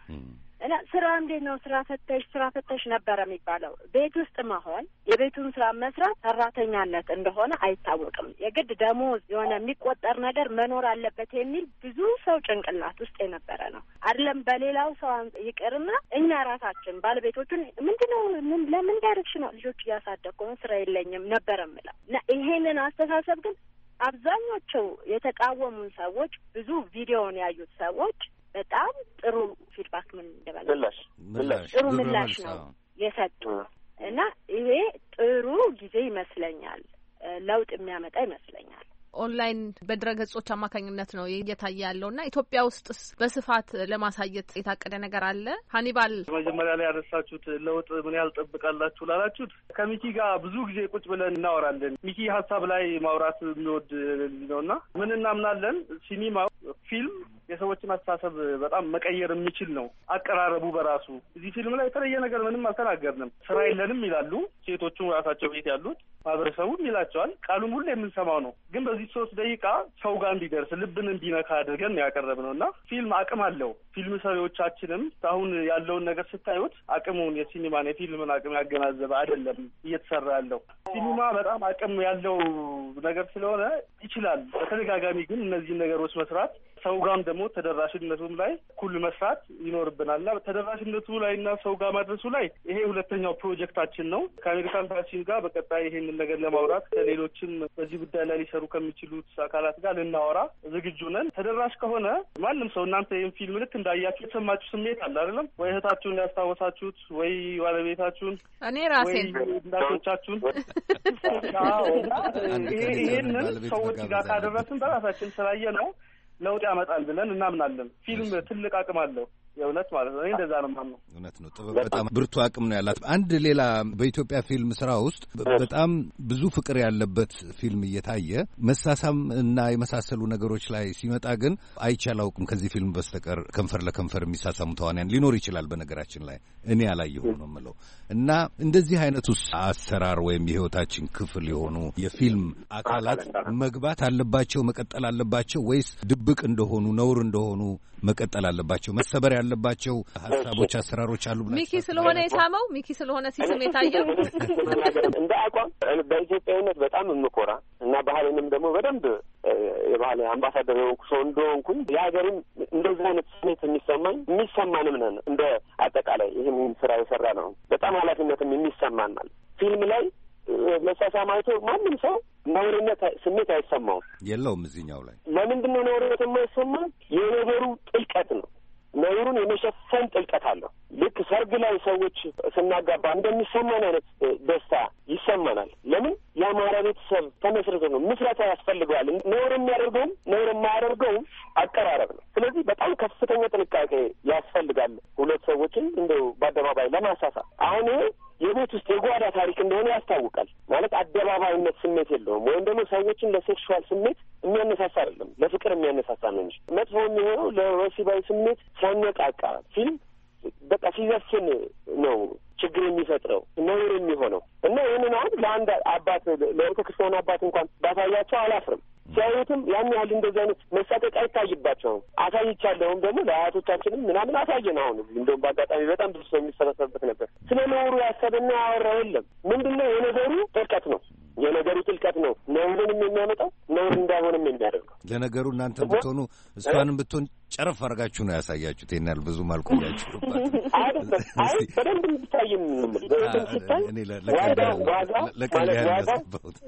እና ስራ እንዴት ነው? ስራ ፈተሽ ስራ ፈተሽ ነበረ የሚባለው ቤት ውስጥ መሆን የቤቱን ስራ መስራት ሰራተኛነት እንደሆነ አይታወቅም። የግድ ደሞዝ የሆነ የሚቆጠር ነገር መኖር አለበት የሚል ብዙ ሰው ጭንቅላት ውስጥ የነበረ ነው። አይደለም በሌላው ሰው ይቅርና እኛ ራሳችን ባለቤቶቹን ምንድነው? ምን ለምን ዳይሬክሽን ነው ልጆች እያሳደግኩ ስራ የለኝም ነበረ የምለው እና ይሄንን አስተሳሰብ ግን አብዛኞቹ የተቃወሙን ሰዎች ብዙ ቪዲዮውን ያዩት ሰዎች በጣም ጥሩ ፊድባክ ምን እንደበላ ጥሩ ምላሽ ነው የሰጡ እና ይሄ ጥሩ ጊዜ ይመስለኛል፣ ለውጥ የሚያመጣ ይመስለኛል። ኦንላይን በድረ ገጾች አማካኝነት ነው እየታየ ያለው እና ኢትዮጵያ ውስጥስ በስፋት ለማሳየት የታቀደ ነገር አለ? ሀኒባል መጀመሪያ ላይ ያነሳችሁት ለውጥ ምን ያህል ጠብቃላችሁ ላላችሁት ከሚኪ ጋር ብዙ ጊዜ ቁጭ ብለን እናወራለን። ሚኪ ሀሳብ ላይ ማውራት የሚወድ ነው እና ምን እናምናለን ሲኒማ ፊልም የሰዎችን አስተሳሰብ በጣም መቀየር የሚችል ነው አቀራረቡ በራሱ። እዚህ ፊልም ላይ የተለየ ነገር ምንም አልተናገርንም። ስራ የለንም ይላሉ ሴቶቹ ራሳቸው ቤት ያሉት ማህበረሰቡም ይላቸዋል። ቃሉም ሁሉ የምንሰማው ነው። ግን በዚህ ሶስት ደቂቃ ሰው ጋር እንዲደርስ ልብን እንዲነካ አድርገን ያቀረብ ነው እና ፊልም አቅም አለው። ፊልም ሰሪዎቻችንም አሁን ያለውን ነገር ስታዩት አቅሙን የሲኒማን የፊልምን አቅም ያገናዘበ አይደለም እየተሰራ ያለው። ሲኒማ በጣም አቅም ያለው ነገር ስለሆነ ይችላል። በተደጋጋሚ ግን እነዚህን ነገሮች መስራት ሰው ጋም ደግሞ ተደራሽነቱም ላይ እኩል መስራት ይኖርብናል ተደራሽነቱ ላይ እና ሰው ጋር ማድረሱ ላይ ይሄ ሁለተኛው ፕሮጀክታችን ነው። ከአሜሪካን ኤምባሲም ጋር በቀጣይ ይሄንን ነገር ለማውራት ከሌሎችም በዚህ ጉዳይ ላይ ሊሰሩ ከሚችሉት አካላት ጋር ልናወራ ዝግጁ ነን። ተደራሽ ከሆነ ማንም ሰው እናንተ ይህን ፊልም ልክ እንዳያችሁ የተሰማችሁ ስሜት አለ አይደለም ወይ? እህታችሁን ያስታወሳችሁት ወይ ባለቤታችሁን፣ እኔ ራሴን እናቶቻችሁን ይሄንን ሰዎች ጋር ካደረስን በራሳችን ስላየ ነው ለውጥ ያመጣል ብለን እናምናለን። ፊልም ትልቅ አቅም አለው። የእውነት ማለት ነው። እንደዛ ነው እውነት ነው። ጥበብ በጣም ብርቱ አቅም ነው ያላት። አንድ ሌላ በኢትዮጵያ ፊልም ስራ ውስጥ በጣም ብዙ ፍቅር ያለበት ፊልም እየታየ መሳሳም እና የመሳሰሉ ነገሮች ላይ ሲመጣ ግን አይቼ አላውቅም ከዚህ ፊልም በስተቀር ከንፈር ለከንፈር የሚሳሳሙ ተዋንያን ሊኖር ይችላል። በነገራችን ላይ እኔ አላየሁም ነው የምለው እና እንደዚህ አይነቱ አሰራር ወይም የህይወታችን ክፍል የሆኑ የፊልም አካላት መግባት አለባቸው መቀጠል አለባቸው ወይስ ድብቅ እንደሆኑ ነውር እንደሆኑ መቀጠል አለባቸው። መሰበር ያለባቸው ሀሳቦች፣ አሰራሮች አሉ ሚኪ ስለሆነ የሳመው ሚኪ ስለሆነ ሲስም የታየው እንደ አቋም በኢትዮጵያዊነት በጣም የምኮራ እና ባህሌንም ደግሞ በደንብ የባህል አምባሳደር የሆንኩ ሰው እንደሆንኩኝ የሀገርም እንደዚህ አይነት ስሜት የሚሰማኝ የሚሰማንም ነን። እንደ አጠቃላይ ይህም ስራ የሰራ ነው በጣም ኃላፊነትም የሚሰማን ማለት ፊልም ላይ መሳሳም ማንም ሰው ነውርነት ስሜት አይሰማውም፣ የለውም። እዚህኛው ላይ ለምንድን ነው ነውርነት የማይሰማ? የነገሩ ጥልቀት ነው። ነውሩን የመሸፈን ጥልቀት አለው። ልክ ሰርግ ላይ ሰዎች ስናጋባ እንደሚሰማን አይነት ደስታ ይሰማናል። ለምን የአማራ ቤተሰብ ተመስርቶ ነው፣ ምስረታ ያስፈልገዋል። ነውር የሚያደርገውም ነውር የማያደርገውም አቀራረብ ነው። ስለዚህ በጣም ከፍተኛ ጥንቃቄ ያስፈልጋል፣ ሁለት ሰዎችን እንደው በአደባባይ ለማሳሳት አሁን የቤት ውስጥ የጓዳ ታሪክ እንደሆነ ያስታውቃል። ማለት አደባባይነት ስሜት የለውም፣ ወይም ደግሞ ሰዎችን ለሴክሹዋል ስሜት የሚያነሳሳ አይደለም፣ ለፍቅር የሚያነሳሳ ነው እንጂ መጥፎ የሚሆነው ለወሲባዊ ስሜት ሲያነቃቃ ፊልም በቃ ሲዘፍን ነው ችግር የሚፈጥረው ነውር የሚሆነው እና ይህንን አሁን ለአንድ አባት ለቤተ ክርስቲያን አባት እንኳን ባሳያቸው አላፍርም። ሲያዩትም ያን ያህል እንደዚህ አይነት መሳቀቅ አይታይባቸውም። አሳይቻለሁም ደግሞ ለአያቶቻችንም ምናምን አሳየን። አሁን እንደውም በአጋጣሚ በጣም ብዙ ሰው የሚሰበሰብበት ነበር። ስለ ነውሩ ያሰብና ያወራ የለም። ምንድነው የነገሩ ጥልቀት ነው። የነገሩ ጥልቀት ነው ነውርንም የሚያመጣው ነውር እንዳይሆንም የሚያደርገው። ለነገሩ እናንተ ብትሆኑ እሷንም ብትሆን ጨረፍ አድርጋችሁ ነው ያሳያችሁት። ይናል ብዙ ማልቆያችሁ በደንብ እንድታይም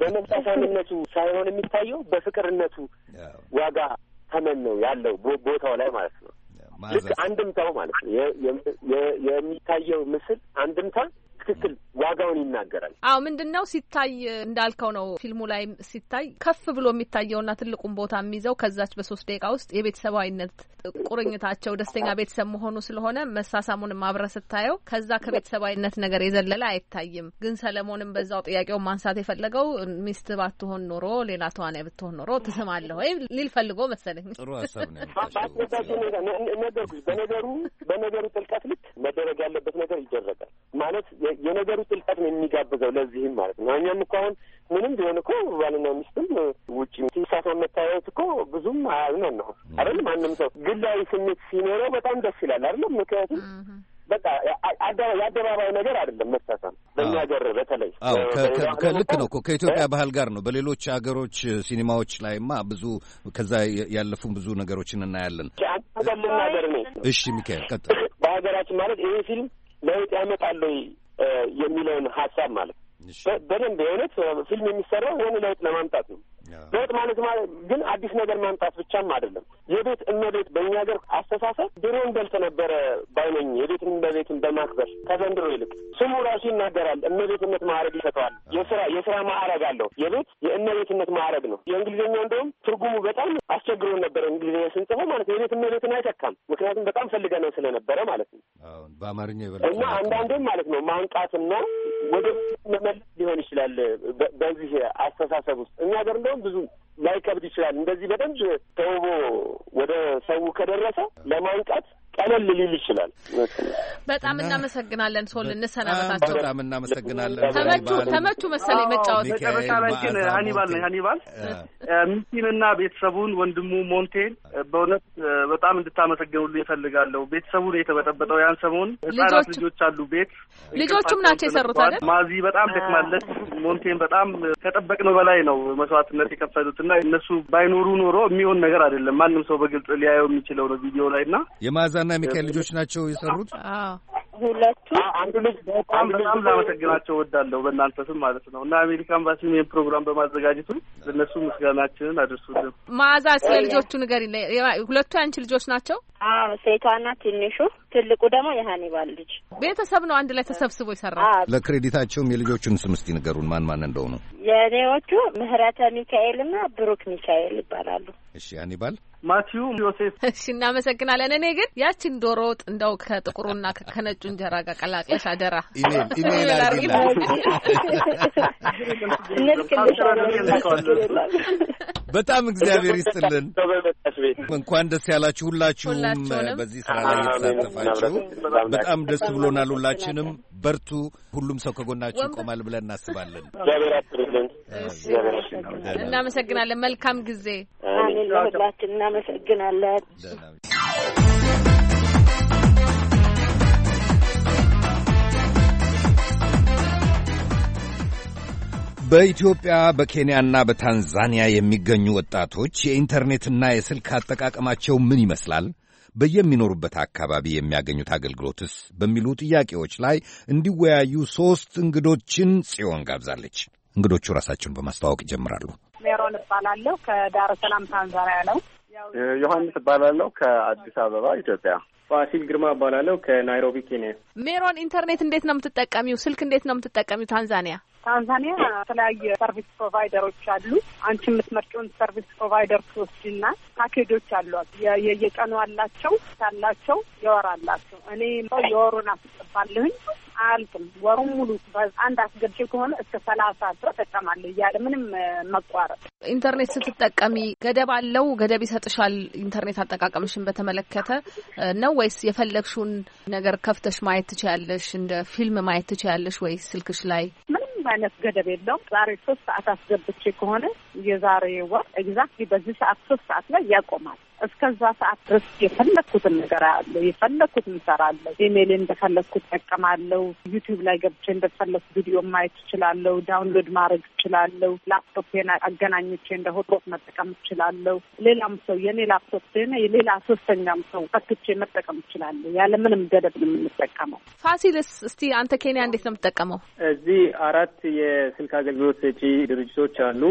በመንፈሳዊነቱ ሳይሆን የሚታየው በፍቅርነቱ ዋጋ ተመን ነው ያለው ቦታው ላይ ማለት ነው። ልክ አንድምታው ማለት ነው የሚታየው ምስል አንድምታ በትክክል ዋጋውን ይናገራል። አዎ ምንድን ነው ሲታይ እንዳልከው ነው። ፊልሙ ላይ ሲታይ ከፍ ብሎ የሚታየውና ትልቁን ቦታ የሚይዘው ከዛች በሶስት ደቂቃ ውስጥ የቤተሰባዊነት ቁርኝታቸው ደስተኛ ቤተሰብ መሆኑ ስለሆነ መሳሳሙንም አብረ ስታየው ከዛ ከቤተሰባዊነት ነገር የዘለለ አይታይም። ግን ሰለሞንም በዛው ጥያቄውን ማንሳት የፈለገው ሚስት ባትሆን ኖሮ ሌላ ተዋናይ ብትሆን ኖሮ ትስማለህ ወይም ሊል ፈልጎ መሰለኝ። ጥሩ ሀሳብ ነው። ነገሩ በነገሩ በነገሩ ጥልቀት ልክ መደረግ ያለበት ነገር ይደረጋል ማለት የነገሩ ጥልቀት ነው የሚጋብዘው። ለዚህም ማለት ነው እኛም እኮ አሁን ምንም ቢሆን እኮ ባልና ሚስትም ውጭ ሲሳሰው መታየት እኮ ብዙም አዝነን ነው አይደል? ማንም ሰው ግላዊ ስሜት ሲኖረው በጣም ደስ ይላል አይደለም? ምክንያቱም በቃ የአደባባይ ነገር አይደለም መሳሳም፣ በእኛ ሀገር በተለይ ከልክ ነው እኮ ከኢትዮጵያ ባህል ጋር ነው። በሌሎች ሀገሮች ሲኒማዎች ላይማ ብዙ ከዛ ያለፉን ብዙ ነገሮችን እናያለን። አንተ ልናገር እኔ እሺ፣ ሚካኤል ቀጥል። በሀገራችን ማለት ይሄ ፊልም ለውጥ ያመጣል የሚለውን ሀሳብ ማለት በደንብ የእውነት ፊልም የሚሰራው የሆነ ለውጥ ለማምጣት ነው። ለውጥ ማለት ማለት ግን አዲስ ነገር ማምጣት ብቻም አይደለም። የቤት እመቤት በእኛ ሀገር አስተሳሰብ ድሮን በልተ ነበረ ባይነኝ የቤት እመቤትን በማክበር ከዘንድሮ ይልቅ ስሙ ራሱ ይናገራል። እመቤትነት ማዕረግ ይሰጠዋል። የስራ የስራ ማዕረግ አለው። የቤት የእመቤትነት ማዕረግ ነው። የእንግሊዝኛ እንደውም ትርጉሙ በጣም አስቸግሮን ነበረ። እንግሊዝኛ ስንጽፈው ማለት የቤት እመቤትን አይተካም። ምክንያቱም በጣም ፈልገነው ስለነበረ ማለት ነው። በአማርኛ እና አንዳንዴም ማለት ነው ማንቃትና ወደ መመለስ ሊሆን ይችላል። በዚህ አስተሳሰብ ውስጥ እኛ ሀገር እንደው ሳይሆን ብዙ ላይከብድ ይችላል። እንደዚህ በደንብ ተውቦ ወደ ሰው ከደረሰ ለማንቃት ቀለል ሊል ይችላል። በጣም እናመሰግናለን። ሶል እንሰናበታቸው። በጣም እናመሰግናለን። ተመቹ ተመቹ መሰለኝ መጫወት መጨረሻ ላይ ግን ሀኒባል ነኝ። ሀኒባል ሚስቲንና ቤተሰቡን ወንድሙ ሞንቴን በእውነት በጣም እንድታመሰግኑልኝ እፈልጋለሁ። ቤተሰቡን የተበጠበጠው ያን ሰሞን ህጻናት ልጆች አሉ ቤት ልጆቹም ናቸው የሰሩት አይደል? ማዚ በጣም ደክማለች። ሞንቴን በጣም ከጠበቅነው በላይ ነው መስዋዕትነት የከፈሉት እና እነሱ ባይኖሩ ኖሮ የሚሆን ነገር አይደለም። ማንም ሰው በግልጽ ሊያየው የሚችለው ነው ቪዲዮ ላይ እና የማዛ ሊሳና ሚካኤል ልጆች ናቸው የሰሩት። ሁለቱ አንዱ ልጅ በጣም በጣም ላመሰግናቸው ወዳለሁ በእናንተ ስም ማለት ነው እና አሜሪካ ኤምባሲም ይህን ፕሮግራም በማዘጋጀቱ ለእነሱ ምስጋናችንን አድርሱልን። ማዛ ስለ ልጆቹ ንገሪ። ሁለቱ ያንቺ ልጆች ናቸው? ሴቷና ትንሹ፣ ትልቁ ደግሞ የሀኒባል ልጅ። ቤተሰብ ነው አንድ ላይ ተሰብስቦ ይሰራ። ለክሬዲታቸውም የልጆቹን ስም እስቲ ንገሩን ማን ማን እንደሆኑ። የእኔዎቹ ምህረተ ሚካኤልና ብሩክ ሚካኤል ይባላሉ። እሺ ሀኒባል ማቲዩ ዮሴፍ። እሺ፣ እናመሰግናለን። እኔ ግን ያችን ዶሮ ወጥ እንደው ከጥቁሩና ከነጩ እንጀራ ጋር ቀላቅለሽ አደራ በጣም እግዚአብሔር ይስጥልን። እንኳን ደስ ያላችሁ ሁላችሁም በዚህ ስራ ላይ የተሳተፋችሁ በጣም ደስ ብሎናል። ሁላችንም በርቱ፣ ሁሉም ሰው ከጎናችሁ ይቆማል ብለን እናስባለን። እናመሰግናለን። መልካም ጊዜ አሜን። እናመሰግናለን። በኢትዮጵያ በኬንያና በታንዛኒያ የሚገኙ ወጣቶች የኢንተርኔትና የስልክ አጠቃቀማቸው ምን ይመስላል? በየሚኖሩበት አካባቢ የሚያገኙት አገልግሎትስ? በሚሉ ጥያቄዎች ላይ እንዲወያዩ ሦስት እንግዶችን ጽዮን ጋብዛለች። እንግዶቹ ራሳቸውን በማስተዋወቅ ይጀምራሉ። እባላለሁ። ከዳረ ሰላም ታንዛኒያ ነው። ዮሐንስ እባላለሁ ከአዲስ አበባ ኢትዮጵያ። ፋሲል ግርማ እባላለሁ ከናይሮቢ ኬንያ። ሜሮን ኢንተርኔት እንዴት ነው የምትጠቀሚው? ስልክ እንዴት ነው የምትጠቀሚው ታንዛኒያ? ታንዛኒያ የተለያየ ሰርቪስ ፕሮቫይደሮች አሉ። አንቺ የምትመርጭውን ሰርቪስ ፕሮቫይደር ትወስድና ፓኬጆች አሏት። የየቀኑ አላቸው ታላቸው የወር አላቸው። እኔ የወሩን አስገባለሁኝ አልቅም ወሩን ሙሉ አንድ አስገብቼ ከሆነ እስከ ሰላሳ ድረስ እጠቀማለሁ እያለ ምንም መቋረጥ። ኢንተርኔት ስትጠቀሚ ገደብ አለው? ገደብ ይሰጥሻል? ኢንተርኔት አጠቃቀምሽን በተመለከተ ነው ወይስ የፈለግሽውን ነገር ከፍተሽ ማየት ትችያለሽ? እንደ ፊልም ማየት ትችያለሽ ወይ ስልክሽ ላይ? ምንም አይነት ገደብ የለውም። ዛሬ ሶስት ሰዓት አስገብቼ ከሆነ የዛሬ ወር ኤግዛክትሊ በዚህ ሰዓት ሶስት ሰዓት ላይ ያቆማል። እስከዛ ሰዓት ድረስ የፈለግኩትን ነገር አለሁ፣ የፈለግኩትን እሰራለሁ፣ ኢሜይል እንደፈለግኩት ጠቀማለሁ፣ ዩቲዩብ ላይ ገብቼ እንደፈለግኩ ቪዲዮ ማየት እችላለሁ፣ ዳውንሎድ ማድረግ እችላለሁ፣ ላፕቶፕን አገናኝቼ እንደ ሆትስፖት መጠቀም እችላለሁ፣ ሌላም ሰው የኔ ላፕቶፕ ሆነ የሌላ ሶስተኛም ሰው ፈትቼ መጠቀም እችላለሁ። ያለምንም ገደብ ነው የምንጠቀመው። ፋሲልስ፣ እስቲ አንተ ኬንያ እንዴት ነው የምትጠቀመው? እዚህ አራት የስልክ አገልግሎት ሰጪ ድርጅቶች አሉ።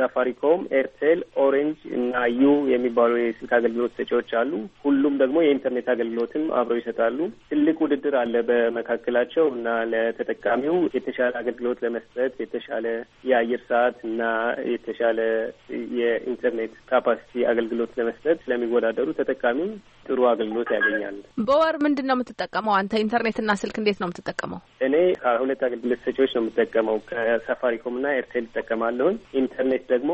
ሳፋሪኮም፣ ኤርቴል፣ ኦሬንጅ እና ዩ የሚባሉ የስልክ አገልግሎት ሰጪዎች አሉ። ሁሉም ደግሞ የኢንተርኔት አገልግሎትም አብረው ይሰጣሉ። ትልቅ ውድድር አለ በመካከላቸው እና ለተጠቃሚው የተሻለ አገልግሎት ለመስጠት የተሻለ የአየር ሰዓት እና የተሻለ የኢንተርኔት ካፓሲቲ አገልግሎት ለመስጠት ስለሚወዳደሩ ተጠቃሚው ጥሩ አገልግሎት ያገኛል። በወር ምንድን ነው የምትጠቀመው አንተ? ኢንተርኔትና ስልክ እንዴት ነው የምትጠቀመው? እኔ ከሁለት አገልግሎት ሰጪዎች ነው የምጠቀመው። ከሳፋሪኮምና ኤርቴል እጠቀማለሁኝ። ኢንተርኔት ደግሞ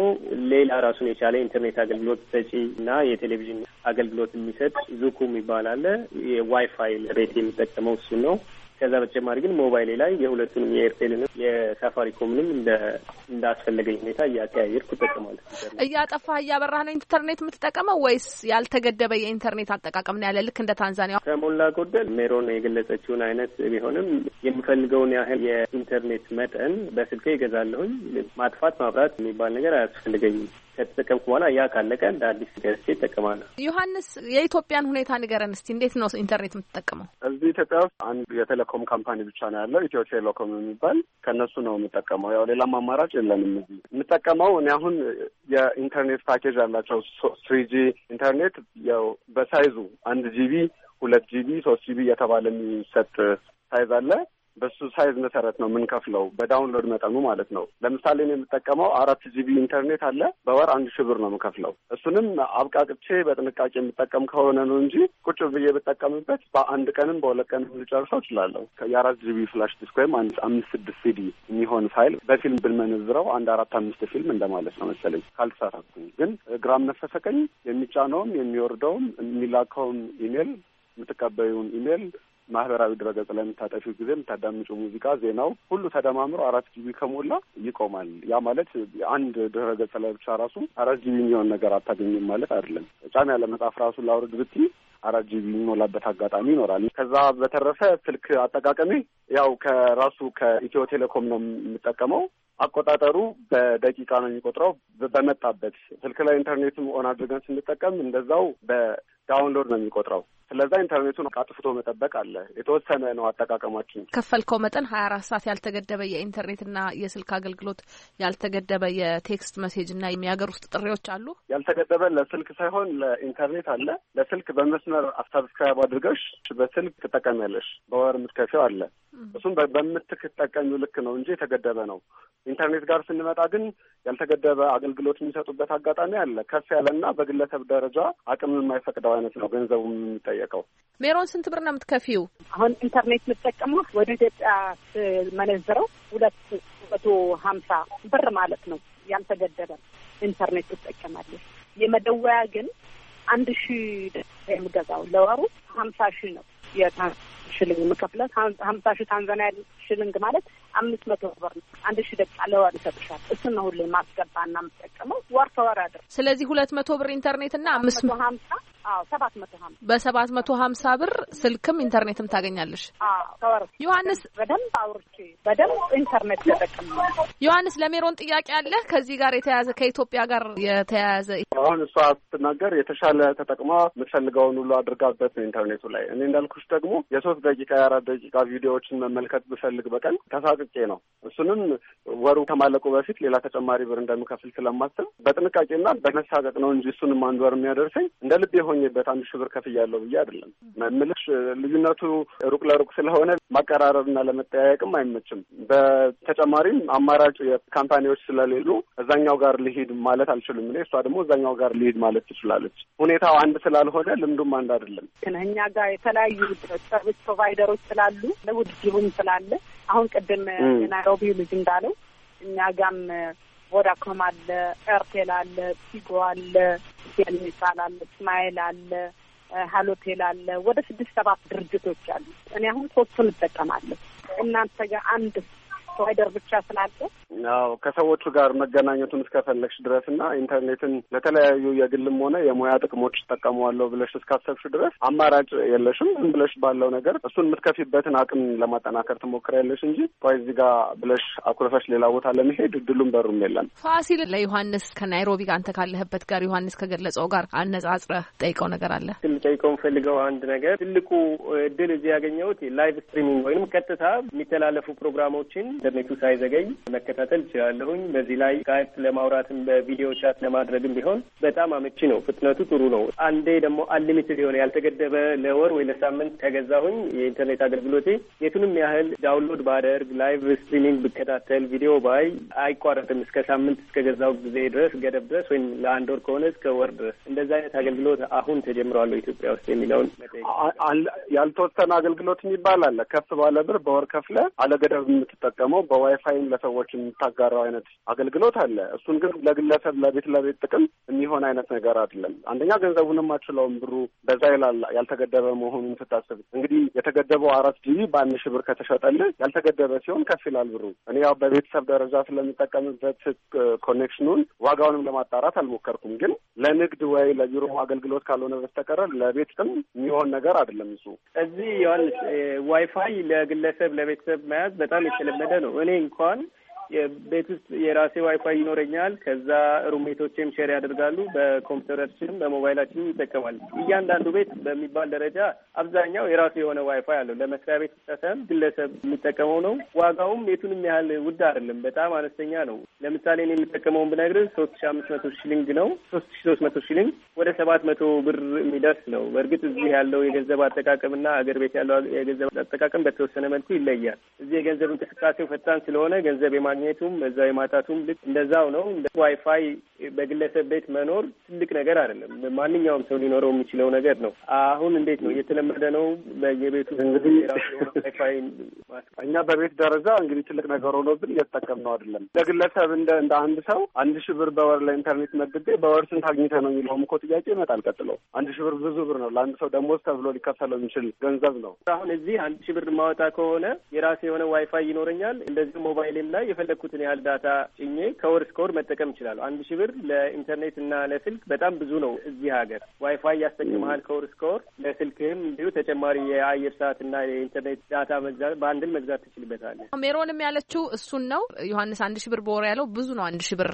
ሌላ ራሱን የቻለ ኢንተርኔት አገልግሎት ሰጪ እና የቴሌቪዥን አገልግሎት የሚሰጥ ዙኩም ይባላል። የዋይፋይ ቤት የምጠቀመው እሱ ነው። ከዛ በተጨማሪ ግን ሞባይሌ ላይ የሁለቱንም የኤርቴልንም የሳፋሪኮምንም እንዳስፈለገኝ ሁኔታ እያቀያየርኩ እጠቀማለሁ። እያጠፋ እያበራህ ነው ኢንተርኔት የምትጠቀመው ወይስ ያልተገደበ የኢንተርኔት አጠቃቀም ነው ያለ? ልክ እንደ ታንዛኒያ ከሞላ ጎደል ሜሮን የገለጸችውን አይነት ቢሆንም የምፈልገውን ያህል የኢንተርኔት መጠን በስልኬ ይገዛለሁኝ። ማጥፋት ማብራት የሚባል ነገር አያስፈልገኝም። ከተጠቀምኩ በኋላ ያ ካለቀ እንደ አዲስ ገዝቼ እጠቀማለሁ። ዮሐንስ፣ የኢትዮጵያን ሁኔታ ንገረን እስቲ። እንዴት ነው ኢንተርኔት የምትጠቀመው? እዚህ ኢትዮጵያ ውስጥ አንድ የቴሌኮም ካምፓኒ ብቻ ነው ያለው፣ ኢትዮ ቴሌኮም የሚባል ከእነሱ ነው የምጠቀመው። ያው ሌላም አማራጭ የለንም። እዚህ የምጠቀመው እኔ አሁን የኢንተርኔት ፓኬጅ ያላቸው ትሪ ጂ ኢንተርኔት ያው በሳይዙ አንድ ጂቢ ሁለት ጂቢ ሶስት ጂቢ እየተባለ የሚሰጥ ሳይዝ አለ። በሱ ሳይዝ መሰረት ነው የምንከፍለው፣ በዳውንሎድ መጠኑ ማለት ነው። ለምሳሌ ነው የምጠቀመው አራት ጂቢ ኢንተርኔት አለ። በወር አንድ ሺህ ብር ነው የምከፍለው። እሱንም አብቃቅቼ በጥንቃቄ የምጠቀም ከሆነ ነው እንጂ ቁጭ ብዬ ብጠቀምበት በአንድ ቀንም በሁለት ቀንም ልጨርሰው እችላለሁ። የአራት ጂቢ ፍላሽ ዲስክ ወይም አንድ አምስት ስድስት ሲዲ የሚሆን ፋይል በፊልም ብንመነዝረው አንድ አራት አምስት ፊልም እንደማለት ነው መሰለኝ ካልተሳሳትኩኝ። ግን ግራም ነፈሰ የሚጫነውም የሚወርደውም የሚላከውም ኢሜል የምትቀበዩን ኢሜል ማህበራዊ ድረገጽ ላይ የምታጠፊው ጊዜ የምታዳምጩ ሙዚቃ፣ ዜናው ሁሉ ተደማምሮ አራት ጂቢ ከሞላ ይቆማል። ያ ማለት አንድ ድረገጽ ላይ ብቻ ራሱ አራት ጂቢ የሚሆን ነገር አታገኝም ማለት አይደለም። ጫም ያለ መጽሐፍ ራሱ ላውርድ ብቲ አራት ጂቢ የሚሞላበት አጋጣሚ ይኖራል። ከዛ በተረፈ ስልክ አጠቃቀሜ ያው ከራሱ ከኢትዮ ቴሌኮም ነው የምጠቀመው። አቆጣጠሩ በደቂቃ ነው የሚቆጥረው። በመጣበት ስልክ ላይ ኢንተርኔትም ኦን አድርገን ስንጠቀም እንደዛው በዳውንሎድ ነው የሚቆጥረው። ስለዛ ኢንተርኔቱን አጥፍቶ መጠበቅ አለ። የተወሰነ ነው አጠቃቀማችን። ከፈልከው መጠን ሀያ አራት ሰዓት ያልተገደበ የኢንተርኔትና የስልክ አገልግሎት ያልተገደበ የቴክስት መሴጅና የሀገር ውስጥ ጥሪዎች አሉ። ያልተገደበ ለስልክ ሳይሆን ለኢንተርኔት አለ። ለስልክ በመስመር ሰብስክራይብ አድርገሽ በስልክ ትጠቀሚያለሽ። በወር የምትከፊው አለ። እሱም በምትጠቀሚው ልክ ነው እንጂ የተገደበ ነው። ኢንተርኔት ጋር ስንመጣ ግን ያልተገደበ አገልግሎት የሚሰጡበት አጋጣሚ አለ። ከፍ ያለና በግለሰብ ደረጃ አቅም የማይፈቅደው አይነት ነው ገንዘቡ የሚጠየቅ የምሸጠው። ሜሮን ስንት ብር ነው የምትከፊው? አሁን ኢንተርኔት የምጠቀመው ወደ ኢትዮጵያ መነዝረው ሁለት መቶ ሀምሳ ብር ማለት ነው። ያልተገደበ ኢንተርኔት ትጠቀማለች። የመደወያ ግን አንድ ሺ የምገዛው ለወሩ ሀምሳ ሺ ነው የታንዛኒያ ሽልንግ የምከፍለው ሀምሳ ሺ ታንዛኒያ ሽልንግ ማለት አምስት መቶ ብር ነው አንድ ሺ ደቂቃ ለወር ይሰጥሻል። እሱን ነው ሁሌ ማስገባ እና የምጠቀመው ወር ከወር አድር ስለዚህ ሁለት መቶ ብር ኢንተርኔት እና አምስት መቶ ሀምሳ አዎ ሰባት መቶ ሀምሳ በሰባት መቶ ሀምሳ ብር ስልክም ኢንተርኔትም ታገኛለሽ። ከወር ዮሐንስ በደንብ አውርቼ በደንብ ኢንተርኔት ተጠቅም። ዮሐንስ ለሜሮን ጥያቄ አለ ከዚህ ጋር የተያያዘ ከኢትዮጵያ ጋር የተያያዘ አሁን እሷ ስትናገር የተሻለ ተጠቅማ የምትፈልገውን ሁሉ አድርጋበት ነው ኢንተርኔቱ ላይ እኔ እንዳልኩሽ ደግሞ የሶስት ደቂቃ የአራት ደቂቃ ቪዲዮዎችን መመልከት ብፈልግ በቀን ተሳቅ ቆርጬ ነው። እሱንም ወሩ ከማለቁ በፊት ሌላ ተጨማሪ ብር እንደምከፍል ስለማስብ በጥንቃቄና በመሳቀቅ ነው እንጂ እሱንም አንድ ወር የሚያደርሰኝ እንደ ልብ የሆኝበት አንድ ሺህ ብር ከፍያለሁ ብዬ አይደለም መምልሽ ልዩነቱ ሩቅ ለሩቅ ስለሆነ ማቀራረብና ለመጠያየቅም አይመችም። በተጨማሪም አማራጭ ካምፓኒዎች ስለሌሉ እዛኛው ጋር ልሂድ ማለት አልችልም እኔ። እሷ ደግሞ እዛኛው ጋር ልሂድ ማለት ትችላለች። ሁኔታው አንድ ስላልሆነ ልምዱም አንድ አይደለም። እኛ ጋር የተለያዩ ሰርቪስ ፕሮቫይደሮች ስላሉ ውድድሩም ስላለ አሁን ቅድም የናይሮቢ ልጅ እንዳለው እኛ ጋም ቮዳኮም አለ፣ ኤርቴል አለ፣ ቲጎ አለ፣ ቴልሚሳል አለ፣ ስማይል አለ፣ ሀሎቴል አለ። ወደ ስድስት ሰባት ድርጅቶች አሉ። እኔ አሁን ሶስቱን እጠቀማለሁ። እናንተ ጋር አንድ ፕሮቫይደር ብቻ ስላለ ው ከሰዎቹ ጋር መገናኘቱን እስከፈለግሽ ድረስ እና ኢንተርኔትን ለተለያዩ የግልም ሆነ የሙያ ጥቅሞች ይጠቀመዋለሁ ብለሽ እስካሰብሽ ድረስ አማራጭ የለሽም። ዝም ብለሽ ባለው ነገር እሱን የምትከፊበትን አቅም ለማጠናከር ትሞክሪያለሽ እንጂ ቆይ እዚህ ጋር ብለሽ አኩርፈሽ ሌላ ቦታ ለመሄድ እድሉም በሩም የለም። ፋሲል ለዮሐንስ ከናይሮቢ ጋር አንተ ካለህበት ጋር ዮሐንስ ከገለጸው ጋር አነጻጽረህ ጠይቀው ነገር አለ ልጠይቀው የምፈልገው አንድ ነገር ትልቁ እድል እዚህ ያገኘሁት ላይቭ ስትሪሚንግ ወይም ቀጥታ የሚተላለፉ ፕሮግራሞችን ኢንተርኔቱ ሳይዘገኝ መከታተል እችላለሁኝ። በዚህ ላይ ስካይፕ ለማውራትም በቪዲዮ ቻት ለማድረግም ቢሆን በጣም አመቺ ነው። ፍጥነቱ ጥሩ ነው። አንዴ ደግሞ አንሊሚትድ የሆነ ያልተገደበ ለወር ወይ ለሳምንት ከገዛሁኝ የኢንተርኔት አገልግሎቴ የቱንም ያህል ዳውንሎድ ባደርግ፣ ላይቭ ስትሪሚንግ ብከታተል፣ ቪዲዮ ባይ አይቋረጥም እስከ ሳምንት እስከ ገዛው ጊዜ ድረስ ገደብ ድረስ ወይም ለአንድ ወር ከሆነ እስከ ወር ድረስ እንደዚ አይነት አገልግሎት አሁን ተጀምረዋለሁ ኢትዮጵያ ውስጥ የሚለውን ያልተወሰነ አገልግሎት የሚባል አለ። ከፍ ባለ ብር በወር ከፍለ አለገደብ የምትጠቀሙ ደግሞ በዋይፋይም ለሰዎች የምታጋራው አይነት አገልግሎት አለ። እሱን ግን ለግለሰብ ለቤት ለቤት ጥቅም የሚሆን አይነት ነገር አይደለም። አንደኛ ገንዘቡንም አችለውም ብሩ በዛ ይላል። ያልተገደበ መሆኑን ስታስብ እንግዲህ የተገደበው አራት ጂቢ በአንድ ሺህ ብር ከተሸጠልህ ያልተገደበ ሲሆን ከፍ ይላል ብሩ። እኔ ያው በቤተሰብ ደረጃ ስለሚጠቀምበት ኮኔክሽኑን ዋጋውንም ለማጣራት አልሞከርኩም። ግን ለንግድ ወይ ለቢሮ አገልግሎት ካልሆነ በስተቀረ ለቤት ጥቅም የሚሆን ነገር አይደለም። እሱ እዚህ ዋይፋይ ለግለሰብ ለቤተሰብ መያዝ በጣም የተለመደ ነው። እኔ እንኳን ቤት ውስጥ የራሴ ዋይፋይ ይኖረኛል። ከዛ ሩሜቶቼም ሼር ያደርጋሉ። በኮምፒውተራችንም በሞባይላችንም ይጠቀማል። እያንዳንዱ ቤት በሚባል ደረጃ አብዛኛው የራሱ የሆነ ዋይፋይ አለው። ለመስሪያ ቤት ብቻ ሳይሆን ግለሰብ የሚጠቀመው ነው። ዋጋውም የቱንም ያህል ውድ አይደለም፣ በጣም አነስተኛ ነው። ለምሳሌ እኔ የሚጠቀመውን ብነግርህ ሶስት ሺ አምስት መቶ ሺሊንግ ነው። ሶስት ሺ ሶስት መቶ ሺሊንግ ወደ ሰባት መቶ ብር የሚደርስ ነው። በእርግጥ እዚህ ያለው የገንዘብ አጠቃቀምና አገር ቤት ያለው የገንዘብ አጠቃቀም በተወሰነ መልኩ ይለያል። እዚህ የገንዘብ እንቅስቃሴው ፈጣን ስለሆነ ገንዘብ የማ የማግኘቱም እዛ የማጣቱም ልክ እንደዛው ነው። ዋይፋይ በግለሰብ ቤት መኖር ትልቅ ነገር አይደለም። ማንኛውም ሰው ሊኖረው የሚችለው ነገር ነው። አሁን እንዴት ነው እየተለመደ ነው በየቤቱ እንግዲህ እኛ በቤት ደረጃ እንግዲህ ትልቅ ነገር ሆኖብን እየተጠቀምነው አይደለም። ለግለሰብ እንደ እንደ አንድ ሰው አንድ ሺህ ብር በወር ለኢንተርኔት መግቤ በወር ስንት አግኝተ ነው የሚለውም እኮ ጥያቄ ይመጣል። ቀጥሎ አንድ ሺህ ብር ብዙ ብር ነው። ለአንድ ሰው ደሞዝ ተብሎ ሊከፈለው የሚችል ገንዘብ ነው። አሁን እዚህ አንድ ሺህ ብር ማወጣ ከሆነ የራሴ የሆነ ዋይፋይ ይኖረኛል። እንደዚህ ሞባይልም ላይ የፈለግኩትን ያህል ዳታ ጭኜ ከወር እስከ ወር መጠቀም ይችላሉ። አንድ ሺ ብር ለኢንተርኔት እና ለስልክ በጣም ብዙ ነው። እዚህ ሀገር ዋይፋይ ያስጠቅመሃል ከወር እስከ ወር። ለስልክህም እንዲሁ ተጨማሪ የአየር ሰዓት እና የኢንተርኔት ዳታ መግዛት በአንድል መግዛት ትችልበታለህ። ሜሮንም ያለችው እሱን ነው። ዮሐንስ አንድ ሺ ብር በወር ያለው ብዙ ነው። አንድ ሺ ብር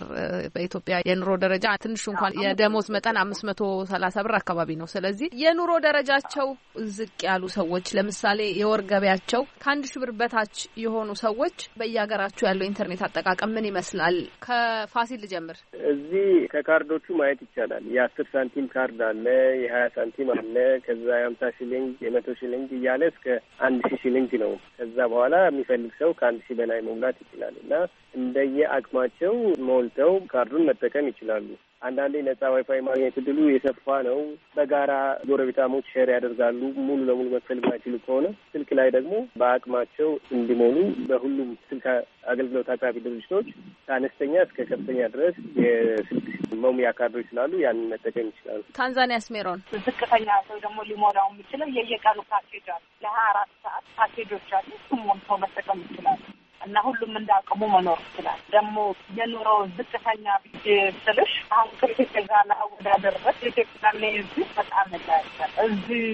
በኢትዮጵያ የኑሮ ደረጃ ትንሹ እንኳን የደሞዝ መጠን አምስት መቶ ሰላሳ ብር አካባቢ ነው። ስለዚህ የኑሮ ደረጃቸው ዝቅ ያሉ ሰዎች ለምሳሌ የወር ገቢያቸው ከአንድ ሺ ብር በታች የሆኑ ሰዎች በየሀገራቸው ያለው የኢንተርኔት አጠቃቀም ምን ይመስላል? ከፋሲል ልጀምር። እዚህ ከካርዶቹ ማየት ይቻላል። የአስር ሳንቲም ካርድ አለ፣ የሀያ ሳንቲም አለ፣ ከዛ የሀምሳ ሺሊንግ፣ የመቶ ሺሊንግ እያለ እስከ አንድ ሺ ሺሊንግ ነው። ከዛ በኋላ የሚፈልግ ሰው ከአንድ ሺ በላይ መሙላት ይችላል እና እንደየ አቅማቸው ሞልተው ካርዱን መጠቀም ይችላሉ። አንዳንዴ ነጻ ዋይፋይ ማግኘት እድሉ የሰፋ ነው። በጋራ ጎረቤታሞች ሸር ያደርጋሉ። ሙሉ ለሙሉ መክፈል የማይችሉ ከሆነ ስልክ ላይ ደግሞ በአቅማቸው እንዲሞሉ በሁሉም ስልክ አገልግሎት አቅራቢ ድርጅቶች ከአነስተኛ እስከ ከፍተኛ ድረስ የስልክ መሙያ ካርዶች ስላሉ ያንን መጠቀም ይችላሉ። ታንዛኒያ ስሜሮን ዝቅተኛ ሰው ደግሞ ሊሞላው የሚችለው የየቀኑ ፓኬጅ አሉ። ለሀያ አራት ሰዓት ፓኬጆች አሉ። እሱም ሞልተው መጠቀም ይችላሉ። እና ሁሉም እንዳቅሙ መኖር ይችላል። ደግሞ የኑሮ ዝቅተኛ ብዬ ስልሽ አሁን ከኢትዮጵያ ጋር ላወዳደርበት የኢትዮጵያ ሕዝብ በጣም ይለያያል። እዚህ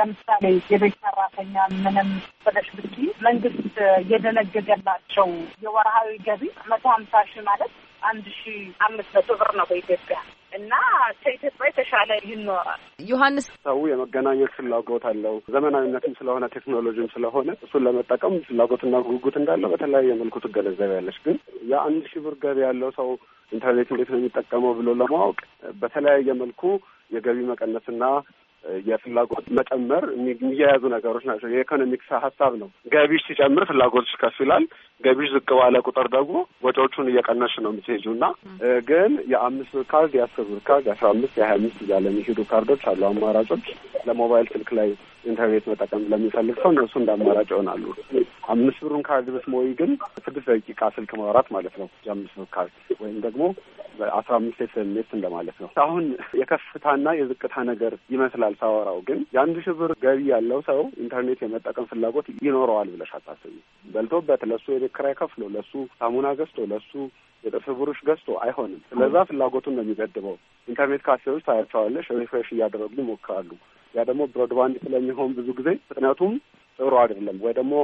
ለምሳሌ የቤት ሰራተኛ ምንም ብለሽ ብጊ መንግስት የደነገገላቸው የወርሃዊ ገቢ መቶ ሀምሳ ሺህ ማለት አንድ ሺ አምስት መቶ ብር ነው በኢትዮጵያ እና ከኢትዮጵያ የተሻለ ይኖራል። ዮሐንስ ሰው የመገናኘት ፍላጎት አለው። ዘመናዊነትም ስለሆነ ቴክኖሎጂም ስለሆነ እሱን ለመጠቀም ፍላጎትና ጉጉት እንዳለው በተለያየ መልኩ ትገነዘቢያለሽ። ግን የአንድ ሺህ ብር ገቢ ያለው ሰው ኢንተርኔት እንዴት ነው የሚጠቀመው ብሎ ለማወቅ በተለያየ መልኩ የገቢ መቀነስና የፍላጎት መጨመር የሚያያዙ ነገሮች ናቸው። የኢኮኖሚክስ ሀሳብ ነው። ገቢሽ ሲጨምር ፍላጎትሽ ከፍ ይላል። ገቢሽ ዝቅ ባለ ቁጥር ደግሞ ወጪዎቹን እየቀነሽ ነው የምትሄጁ እና ግን የአምስት ብር ካርድ የአስር ብር ካርድ የአስራ አምስት የሀያ አምስት እያለ የሚሄዱ ካርዶች አሉ አማራጮች ለሞባይል ስልክ ላይ ኢንተርኔት መጠቀም ለሚፈልግ ሰው እነሱ እንደ አማራጭ ይሆናሉ። አምስት ብሩን ካርድ ብትሞይ ግን ስድስት ደቂቃ ስልክ ማውራት ማለት ነው የአምስት ብር ካርድ ወይም ደግሞ በአስራ አምስት ኤስኤምኤስ እንደማለት ነው። አሁን የከፍታና የዝቅታ ነገር ይመስላል ሳወራው፣ ግን የአንድ ሺህ ብር ገቢ ያለው ሰው ኢንተርኔት የመጠቀም ፍላጎት ይኖረዋል ብለሽ አታስቢ። በልቶበት ለሱ ቤት ኪራይ ከፍሎ ለሱ ሳሙና ገዝቶ ለሱ የጥርስ ብሩሽ ገዝቶ አይሆንም። ስለዛ ፍላጎቱን ነው የሚገድበው። ኢንተርኔት ካፌዎች ታያቸዋለሽ፣ ሪፍሬሽ እያደረጉ ይሞክራሉ። ያ ደግሞ ብሮድባንድ ስለሚሆን ብዙ ጊዜ ፍጥነቱም ጥሩ አይደለም ወይ ደግሞ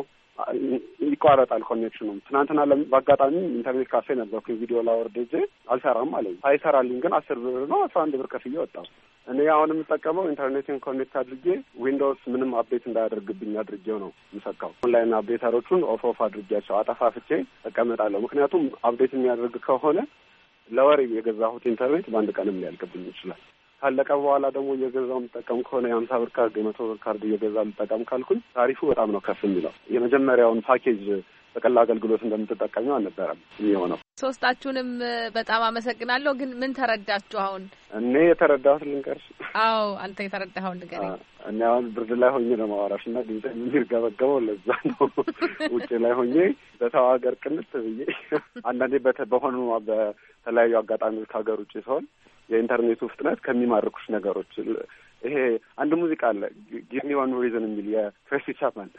ይቋረጣል ኮኔክሽኑም። ትናንትና በአጋጣሚ ኢንተርኔት ካፌ ነበርኩኝ ቪዲዮ ላወርድ እጄ አልሰራም አለኝ። አይሰራልኝ ግን አስር ብር ነው አስራ አንድ ብር ከፍዬ ወጣሁ። እኔ አሁን የምጠቀመው ኢንተርኔትን ኮኔክት አድርጌ ዊንዶውስ ምንም አፕዴት እንዳያደርግብኝ አድርጌው ነው የምሰካው። ኦንላይን አፕዴተሮቹን ኦፍ ኦፍ አድርጌያቸው አጠፋፍቼ እቀመጣለሁ። ምክንያቱም አፕዴት የሚያደርግ ከሆነ ለወር የገዛሁት ኢንተርኔት በአንድ ቀንም ሊያልቅብኝ ይችላል። ካለቀ በኋላ ደግሞ እየገዛው የምጠቀም ከሆነ የሀምሳ ብር ካርድ የመቶ ብር ካርድ እየገዛ የምጠቀም ካልኩኝ ታሪፉ በጣም ነው ከፍ የሚለው። የመጀመሪያውን ፓኬጅ በቀላ አገልግሎት እንደምትጠቀሚው አልነበረም የሚሆነው። ሶስታችሁንም በጣም አመሰግናለሁ። ግን ምን ተረዳችሁ? አሁን እኔ የተረዳሁት ልንገርሽ። አዎ አንተ የተረዳኸውን ንገረኝ። እኔ አሁን ብርድ ላይ ሆኜ ነው ማዋራሽ እና ድምፅ የሚርገበገበው ለዛ ነው። ውጭ ላይ ሆኜ በተዋገር ቅንት ብዬ አንዳንዴ በሆኑ በተለያዩ አጋጣሚዎች ከሀገር ውጭ ሲሆን የኢንተርኔቱ ፍጥነት ከሚማርኩሽ ነገሮች ይሄ አንድ ሙዚቃ አለ ጊቭ ሚ ዋን ሪዝን የሚል የትሬሲ ቻፕማን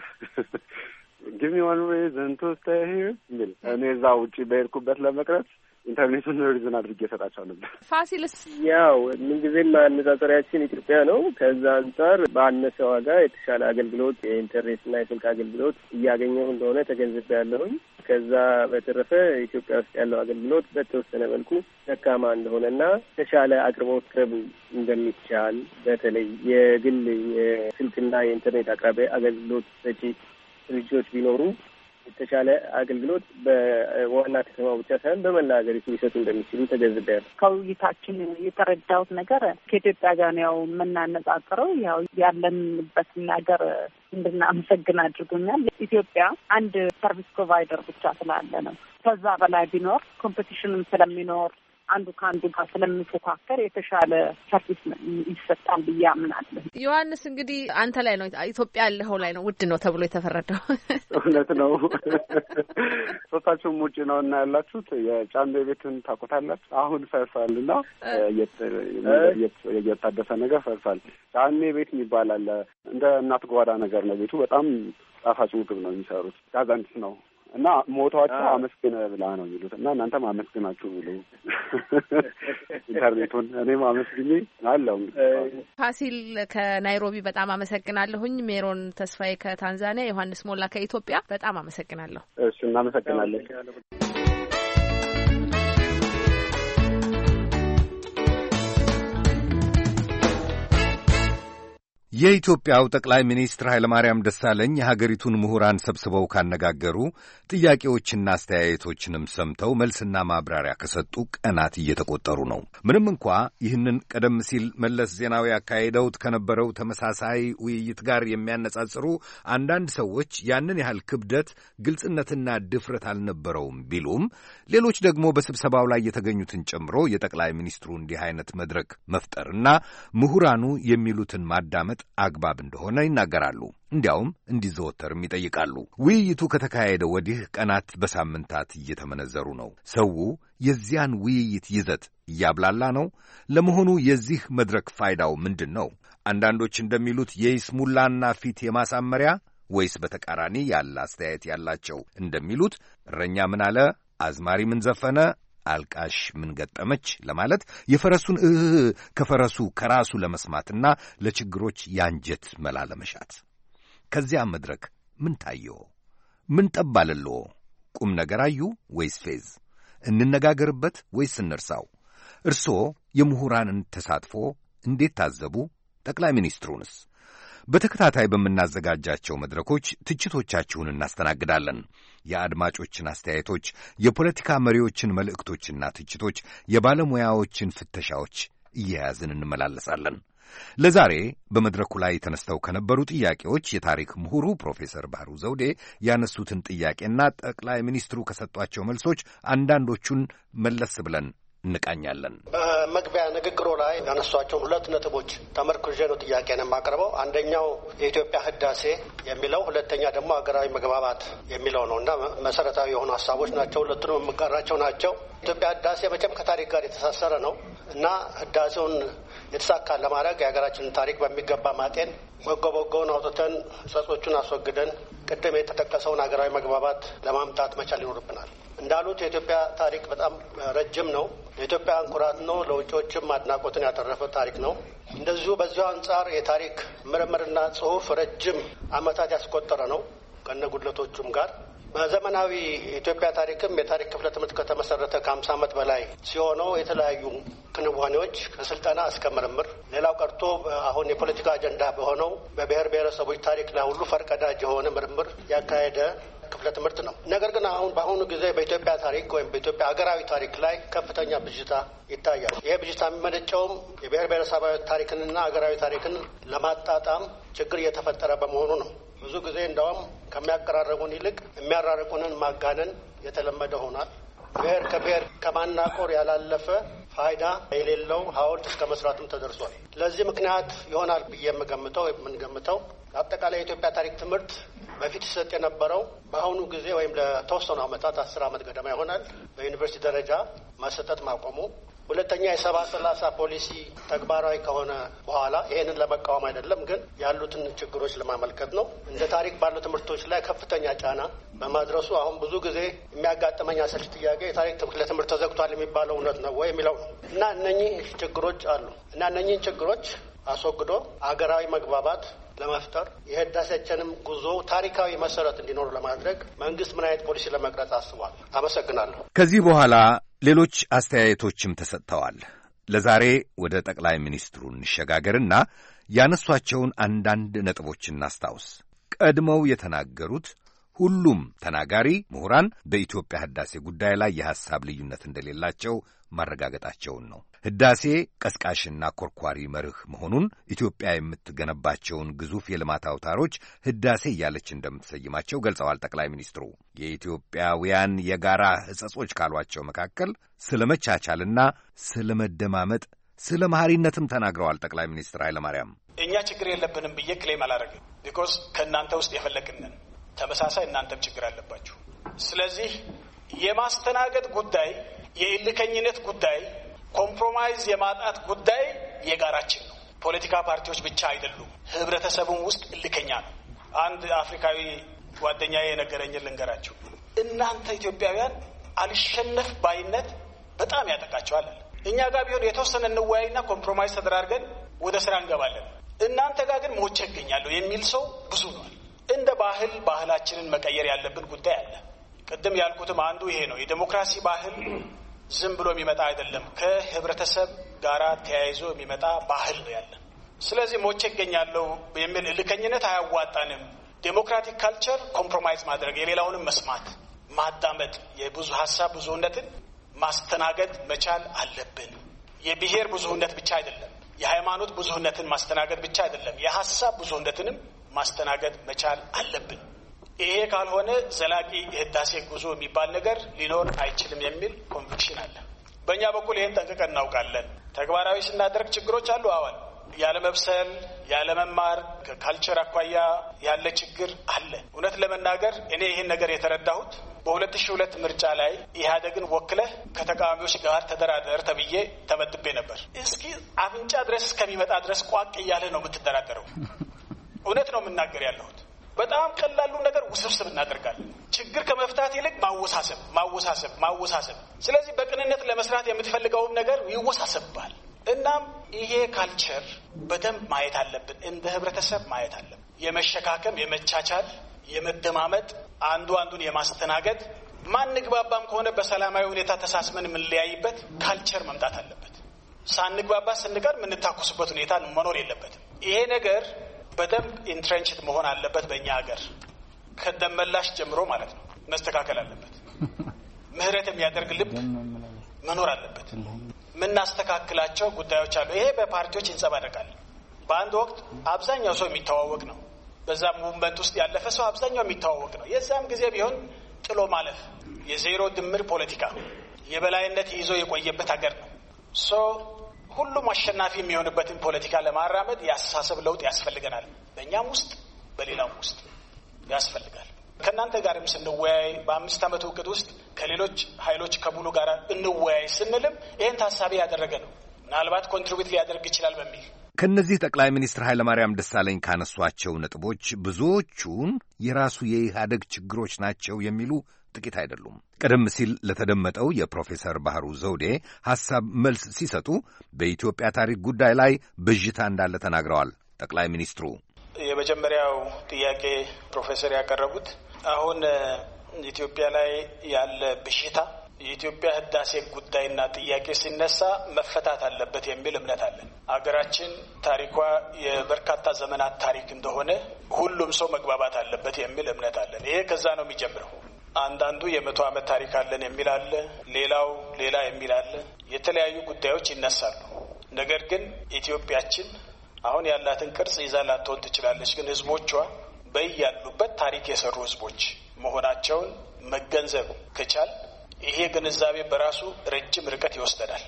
ጊቭ ሚ ዋን ሪዝን ቱ ስቴይ ሂር የሚል እኔ እዛ ውጭ በሄድኩበት ለመቅረት ኢንተርኔቱን ሪዝን አድርጌ የሰጣቸው ነበር። ፋሲልስ ያው ምንጊዜም አነጻጸሪያችን ኢትዮጵያ ነው። ከዛ አንጻር በአነሰ ዋጋ የተሻለ አገልግሎት የኢንተርኔትና የስልክ አገልግሎት እያገኘሁ እንደሆነ ተገንዝብ ያለሁኝ። ከዛ በተረፈ ኢትዮጵያ ውስጥ ያለው አገልግሎት በተወሰነ መልኩ ደካማ እንደሆነና የተሻለ አቅርቦት ቅረብ እንደሚቻል በተለይ የግል የስልክና የኢንተርኔት አቅራቢ አገልግሎት ሰጪ ድርጅቶች ቢኖሩ የተሻለ አገልግሎት በዋና ከተማ ብቻ ሳይሆን በመላ ሀገሪቱ ሊሰጡ እንደሚችሉ ያለ ከውይይታችን የተረዳሁት ነገር ከኢትዮጵያ ጋር ነው ያው የምናነጻጽረው። ያው ያለንበትን ሀገር እንድናመሰግን አድርጎኛል። ኢትዮጵያ አንድ ሰርቪስ ፕሮቫይደር ብቻ ስላለ ነው። ከዛ በላይ ቢኖር ኮምፒቲሽንም ስለሚኖር አንዱ ከአንዱ ጋር ስለምንፎካከር የተሻለ ሰርቪስ ይሰጣል ብዬ አምናለሁ። ዮሐንስ እንግዲህ አንተ ላይ ነው ኢትዮጵያ ያለኸው ላይ ነው ውድ ነው ተብሎ የተፈረደው። እውነት ነው። ሶስታችሁም ውጭ ነው እና ያላችሁት የጫሜ ቤትን ታቆታላችሁ። አሁን ፈርሳል እና እየታደሰ ነገር ፈርሳል። ጫሜ ቤት የሚባል አለ። እንደ እናት ጓዳ ነገር ነው ቤቱ። በጣም ጣፋጭ ምግብ ነው የሚሰሩት። ጋዛንት ነው እና ሞቷቸው አመስግን ብላ ነው የሚሉት እና እናንተም አመስግናችሁ ብሎ ኢንተርኔቱን እኔም አመስግኝ አለው። ፋሲል ከናይሮቢ በጣም አመሰግናለሁኝ። ሜሮን ተስፋዬ ከታንዛኒያ፣ ዮሐንስ ሞላ ከኢትዮጵያ በጣም አመሰግናለሁ። እሱ እናመሰግናለን። የኢትዮጵያው ጠቅላይ ሚኒስትር ኃይለማርያም ደሳለኝ የሀገሪቱን ምሁራን ሰብስበው ካነጋገሩ ጥያቄዎችና አስተያየቶችንም ሰምተው መልስና ማብራሪያ ከሰጡ ቀናት እየተቆጠሩ ነው። ምንም እንኳ ይህንን ቀደም ሲል መለስ ዜናዊ አካሄደውት ከነበረው ተመሳሳይ ውይይት ጋር የሚያነጻጽሩ አንዳንድ ሰዎች ያንን ያህል ክብደት፣ ግልጽነትና ድፍረት አልነበረውም ቢሉም ሌሎች ደግሞ በስብሰባው ላይ የተገኙትን ጨምሮ የጠቅላይ ሚኒስትሩ እንዲህ አይነት መድረክ መፍጠርና ምሁራኑ የሚሉትን ማዳመጥ አግባብ እንደሆነ ይናገራሉ። እንዲያውም እንዲዘወተርም ይጠይቃሉ። ውይይቱ ከተካሄደ ወዲህ ቀናት በሳምንታት እየተመነዘሩ ነው። ሰው የዚያን ውይይት ይዘት እያብላላ ነው። ለመሆኑ የዚህ መድረክ ፋይዳው ምንድን ነው? አንዳንዶች እንደሚሉት የይስሙላና ፊት የማሳመሪያ ወይስ በተቃራኒ ያለ አስተያየት ያላቸው እንደሚሉት እረኛ ምን አለ፣ አዝማሪ ምን ዘፈነ፣ አልቃሽ ምን ገጠመች ለማለት የፈረሱን እህ ከፈረሱ ከራሱ ለመስማትና ለችግሮች ያንጀት መላ ለመሻት ከዚያ መድረክ ምን ታየው? ምን ጠብ ቁም ነገር አዩ ወይስ ፌዝ? እንነጋገርበት ወይስ እንርሳው? እርስዎ የምሁራንን ተሳትፎ እንዴት ታዘቡ? ጠቅላይ ሚኒስትሩንስ በተከታታይ በምናዘጋጃቸው መድረኮች ትችቶቻችሁን እናስተናግዳለን። የአድማጮችን አስተያየቶች፣ የፖለቲካ መሪዎችን መልእክቶችና ትችቶች፣ የባለሙያዎችን ፍተሻዎች እየያዝን እንመላለሳለን። ለዛሬ በመድረኩ ላይ ተነስተው ከነበሩ ጥያቄዎች የታሪክ ምሁሩ ፕሮፌሰር ባህሩ ዘውዴ ያነሱትን ጥያቄና ጠቅላይ ሚኒስትሩ ከሰጧቸው መልሶች አንዳንዶቹን መለስ ብለን እንቃኛለን። በመግቢያ ንግግሩ ላይ ያነሷቸውን ሁለት ነጥቦች ተመርኩዤ ነው ጥያቄን የማቀርበው። አንደኛው የኢትዮጵያ ህዳሴ የሚለው፣ ሁለተኛ ደግሞ ሀገራዊ መግባባት የሚለው ነው እና መሰረታዊ የሆኑ ሀሳቦች ናቸው። ሁለቱንም የምቀራቸው ናቸው። ኢትዮጵያ ህዳሴ መቼም ከታሪክ ጋር የተሳሰረ ነው እና ህዳሴውን የተሳካ ለማድረግ የሀገራችንን ታሪክ በሚገባ ማጤን በጎ በጎውን አውጥተን ጸጾቹን አስወግደን ቅድም የተጠቀሰውን ሀገራዊ መግባባት ለማምጣት መቻል ይኖርብናል። እንዳሉት የኢትዮጵያ ታሪክ በጣም ረጅም ነው። የኢትዮጵያን ኩራት ነው። ለውጮችም አድናቆትን ያተረፈ ታሪክ ነው። እንደዚሁ በዚሁ አንጻር የታሪክ ምርምርና ጽሁፍ ረጅም ዓመታት ያስቆጠረ ነው ከነ ጉድለቶቹም ጋር በዘመናዊ የኢትዮጵያ ታሪክም የታሪክ ክፍለ ትምህርት ከተመሰረተ ከሀምሳ ዓመት በላይ ሲሆነው የተለያዩ ክንዋኔዎች ከስልጠና እስከ ምርምር ሌላው ቀርቶ አሁን የፖለቲካ አጀንዳ በሆነው በብሔር ብሔረሰቦች ታሪክ ላይ ሁሉ ፈርቀዳጅ የሆነ ምርምር ያካሄደ ክፍለ ትምህርት ነው። ነገር ግን አሁን በአሁኑ ጊዜ በኢትዮጵያ ታሪክ ወይም በኢትዮጵያ ሀገራዊ ታሪክ ላይ ከፍተኛ ብዥታ ይታያል። ይሄ ብዥታ የሚመነጨውም የብሔር ብሔረሰባዊ ታሪክንና ሀገራዊ ታሪክን ለማጣጣም ችግር እየተፈጠረ በመሆኑ ነው። ብዙ ጊዜ እንደውም ከሚያቀራረቡን ይልቅ የሚያራርቁንን ማጋነን የተለመደ ሆኗል። ብሔር ከብሔር ከማናቆር ያላለፈ ፋይዳ የሌለው ሐውልት እስከ መስራትም ተደርሷል። ለዚህ ምክንያት ይሆናል ብዬ የምገምተው የምንገምተው አጠቃላይ የኢትዮጵያ ታሪክ ትምህርት በፊት ይሰጥ የነበረው በአሁኑ ጊዜ ወይም ለተወሰኑ ዓመታት አስር ዓመት ገደማ ይሆናል በዩኒቨርሲቲ ደረጃ መሰጠት ማቆሙ ሁለተኛ የሰባ ሰላሳ ፖሊሲ ተግባራዊ ከሆነ በኋላ ይህንን ለመቃወም አይደለም፣ ግን ያሉትን ችግሮች ለማመልከት ነው። እንደ ታሪክ ባሉ ትምህርቶች ላይ ከፍተኛ ጫና በማድረሱ አሁን ብዙ ጊዜ የሚያጋጥመኝ አሰልች ጥያቄ የታሪክ ለትምህርት ተዘግቷል የሚባለው እውነት ነው ወይ የሚለው ነው እና እነኚህ ችግሮች አሉ እና እነኚህን ችግሮች አስወግዶ አገራዊ መግባባት ለመፍጠር የህዳሴያችንም ጉዞ ታሪካዊ መሰረት እንዲኖሩ ለማድረግ መንግስት ምን አይነት ፖሊሲ ለመቅረጽ አስቧል? አመሰግናለሁ። ከዚህ በኋላ ሌሎች አስተያየቶችም ተሰጥተዋል። ለዛሬ ወደ ጠቅላይ ሚኒስትሩ እንሸጋገርና ያነሷቸውን አንዳንድ ነጥቦች እናስታውስ። ቀድመው የተናገሩት ሁሉም ተናጋሪ ምሁራን በኢትዮጵያ ህዳሴ ጉዳይ ላይ የሐሳብ ልዩነት እንደሌላቸው ማረጋገጣቸውን ነው። ህዳሴ ቀስቃሽና ኮርኳሪ መርህ መሆኑን ኢትዮጵያ የምትገነባቸውን ግዙፍ የልማት አውታሮች ህዳሴ እያለች እንደምትሰይማቸው ገልጸዋል። ጠቅላይ ሚኒስትሩ የኢትዮጵያውያን የጋራ ሕጸጾች ካሏቸው መካከል ስለ መቻቻልና ስለ መደማመጥ፣ ስለ መሐሪነትም ተናግረዋል። ጠቅላይ ሚኒስትር ኃይለማርያም እኛ ችግር የለብንም ብዬ ክሌም አላደረግም። ቢኮዝ ከእናንተ ውስጥ የፈለግንን ተመሳሳይ እናንተም ችግር አለባችሁ። ስለዚህ የማስተናገድ ጉዳይ፣ የእልከኝነት ጉዳይ፣ ኮምፕሮማይዝ የማጣት ጉዳይ የጋራችን ነው። ፖለቲካ ፓርቲዎች ብቻ አይደሉም። ህብረተሰቡም ውስጥ እልከኛ ነው። አንድ አፍሪካዊ ጓደኛ የነገረኝን ልንገራችሁ። እናንተ ኢትዮጵያውያን አልሸነፍ ባይነት በጣም ያጠቃቸዋል። እኛ ጋር ቢሆን የተወሰነ እንወያይና ኮምፕሮማይዝ ተደራርገን ወደ ስራ እንገባለን። እናንተ ጋር ግን ሞቼ እገኛለሁ የሚል ሰው ብዙ ነዋል። እንደ ባህል ባህላችንን መቀየር ያለብን ጉዳይ አለ። ቅድም ያልኩትም አንዱ ይሄ ነው። የዴሞክራሲ ባህል ዝም ብሎ የሚመጣ አይደለም። ከህብረተሰብ ጋር ተያይዞ የሚመጣ ባህል ነው ያለን። ስለዚህ ሞቼ ይገኛለሁ የሚል እልከኝነት አያዋጣንም። ዴሞክራቲክ ካልቸር ኮምፕሮማይዝ ማድረግ፣ የሌላውንም መስማት፣ ማዳመጥ፣ የብዙ ሀሳብ ብዙነትን ማስተናገድ መቻል አለብን። የብሔር ብዙህነት ብቻ አይደለም፣ የሃይማኖት ብዙህነትን ማስተናገድ ብቻ አይደለም፣ የሀሳብ ብዙነትንም ማስተናገድ መቻል አለብን። ይሄ ካልሆነ ዘላቂ የህዳሴ ጉዞ የሚባል ነገር ሊኖር አይችልም የሚል ኮንቪክሽን አለ። በእኛ በኩል ይህን ጠንቅቀን እናውቃለን። ተግባራዊ ስናደርግ ችግሮች አሉ። አዋል ያለመብሰል፣ ያለመማር ከካልቸር አኳያ ያለ ችግር አለ። እውነት ለመናገር እኔ ይህን ነገር የተረዳሁት በ ሺህ ምርጫ ላይ ኢህአዴግን ወክለህ ከተቃዋሚዎች ጋር ተደራደር ተብዬ ተመድቤ ነበር። እስኪ አፍንጫ ድረስ እስከሚመጣ ድረስ ቋቅ እያለ ነው የምትደራደረው። እውነት ነው የምናገር ያለሁት። በጣም ቀላሉ ነገር ውስብስብ እናደርጋለን። ችግር ከመፍታት ይልቅ ማወሳሰብ፣ ማወሳሰብ፣ ማወሳሰብ። ስለዚህ በቅንነት ለመስራት የምትፈልገውም ነገር ይወሳሰብባል። እናም ይሄ ካልቸር በደንብ ማየት አለብን፣ እንደ ህብረተሰብ ማየት አለብን። የመሸካከም የመቻቻል፣ የመደማመጥ አንዱ አንዱን የማስተናገድ ማንግባባም ከሆነ በሰላማዊ ሁኔታ ተሳስመን የምንለያይበት ካልቸር መምጣት አለበት። ሳንግባባ ስንቀር የምንታኩስበት ሁኔታ መኖር የለበትም። ይሄ ነገር በደንብ ኢንትሬንችት መሆን አለበት። በእኛ ሀገር ከደመላሽ ጀምሮ ማለት ነው መስተካከል አለበት። ምህረት የሚያደርግ ልብ መኖር አለበት። የምናስተካክላቸው ጉዳዮች አሉ። ይሄ በፓርቲዎች ይንጸባረቃል። በአንድ ወቅት አብዛኛው ሰው የሚተዋወቅ ነው። በዛ ሙቭመንት ውስጥ ያለፈ ሰው አብዛኛው የሚተዋወቅ ነው። የዛም ጊዜ ቢሆን ጥሎ ማለፍ የዜሮ ድምር ፖለቲካ የበላይነት ይዞ የቆየበት ሀገር ነው። ሶ ሁሉም አሸናፊ የሚሆንበትን ፖለቲካ ለማራመድ የአስተሳሰብ ለውጥ ያስፈልገናል። በእኛም ውስጥ በሌላም ውስጥ ያስፈልጋል። ከእናንተ ጋርም ስንወያይ በአምስት ዓመት እውቅት ውስጥ ከሌሎች ኃይሎች ከሙሉ ጋር እንወያይ ስንልም ይህን ታሳቢ ያደረገ ነው። ምናልባት ኮንትሪቢዩት ሊያደርግ ይችላል በሚል ከእነዚህ ጠቅላይ ሚኒስትር ኃይለማርያም ደሳለኝ ካነሷቸው ነጥቦች ብዙዎቹን የራሱ የኢህአደግ ችግሮች ናቸው የሚሉ ጥቂት አይደሉም። ቀደም ሲል ለተደመጠው የፕሮፌሰር ባህሩ ዘውዴ ሐሳብ መልስ ሲሰጡ በኢትዮጵያ ታሪክ ጉዳይ ላይ ብዥታ እንዳለ ተናግረዋል። ጠቅላይ ሚኒስትሩ የመጀመሪያው ጥያቄ ፕሮፌሰር ያቀረቡት አሁን ኢትዮጵያ ላይ ያለ ብዥታ የኢትዮጵያ ህዳሴ ጉዳይና ጥያቄ ሲነሳ መፈታት አለበት የሚል እምነት አለን። አገራችን ታሪኳ የበርካታ ዘመናት ታሪክ እንደሆነ ሁሉም ሰው መግባባት አለበት የሚል እምነት አለን። ይሄ ከዛ ነው የሚጀምረው። አንዳንዱ የመቶ ዓመት ታሪክ አለን የሚል አለ፣ ሌላው ሌላ የሚል አለ። የተለያዩ ጉዳዮች ይነሳሉ። ነገር ግን ኢትዮጵያችን አሁን ያላትን ቅርጽ ይዛ ላትሆን ትችላለች። ግን ህዝቦቿ በያሉበት ታሪክ የሰሩ ህዝቦች መሆናቸውን መገንዘብ ከቻል ይሄ ግንዛቤ በራሱ ረጅም ርቀት ይወስደናል።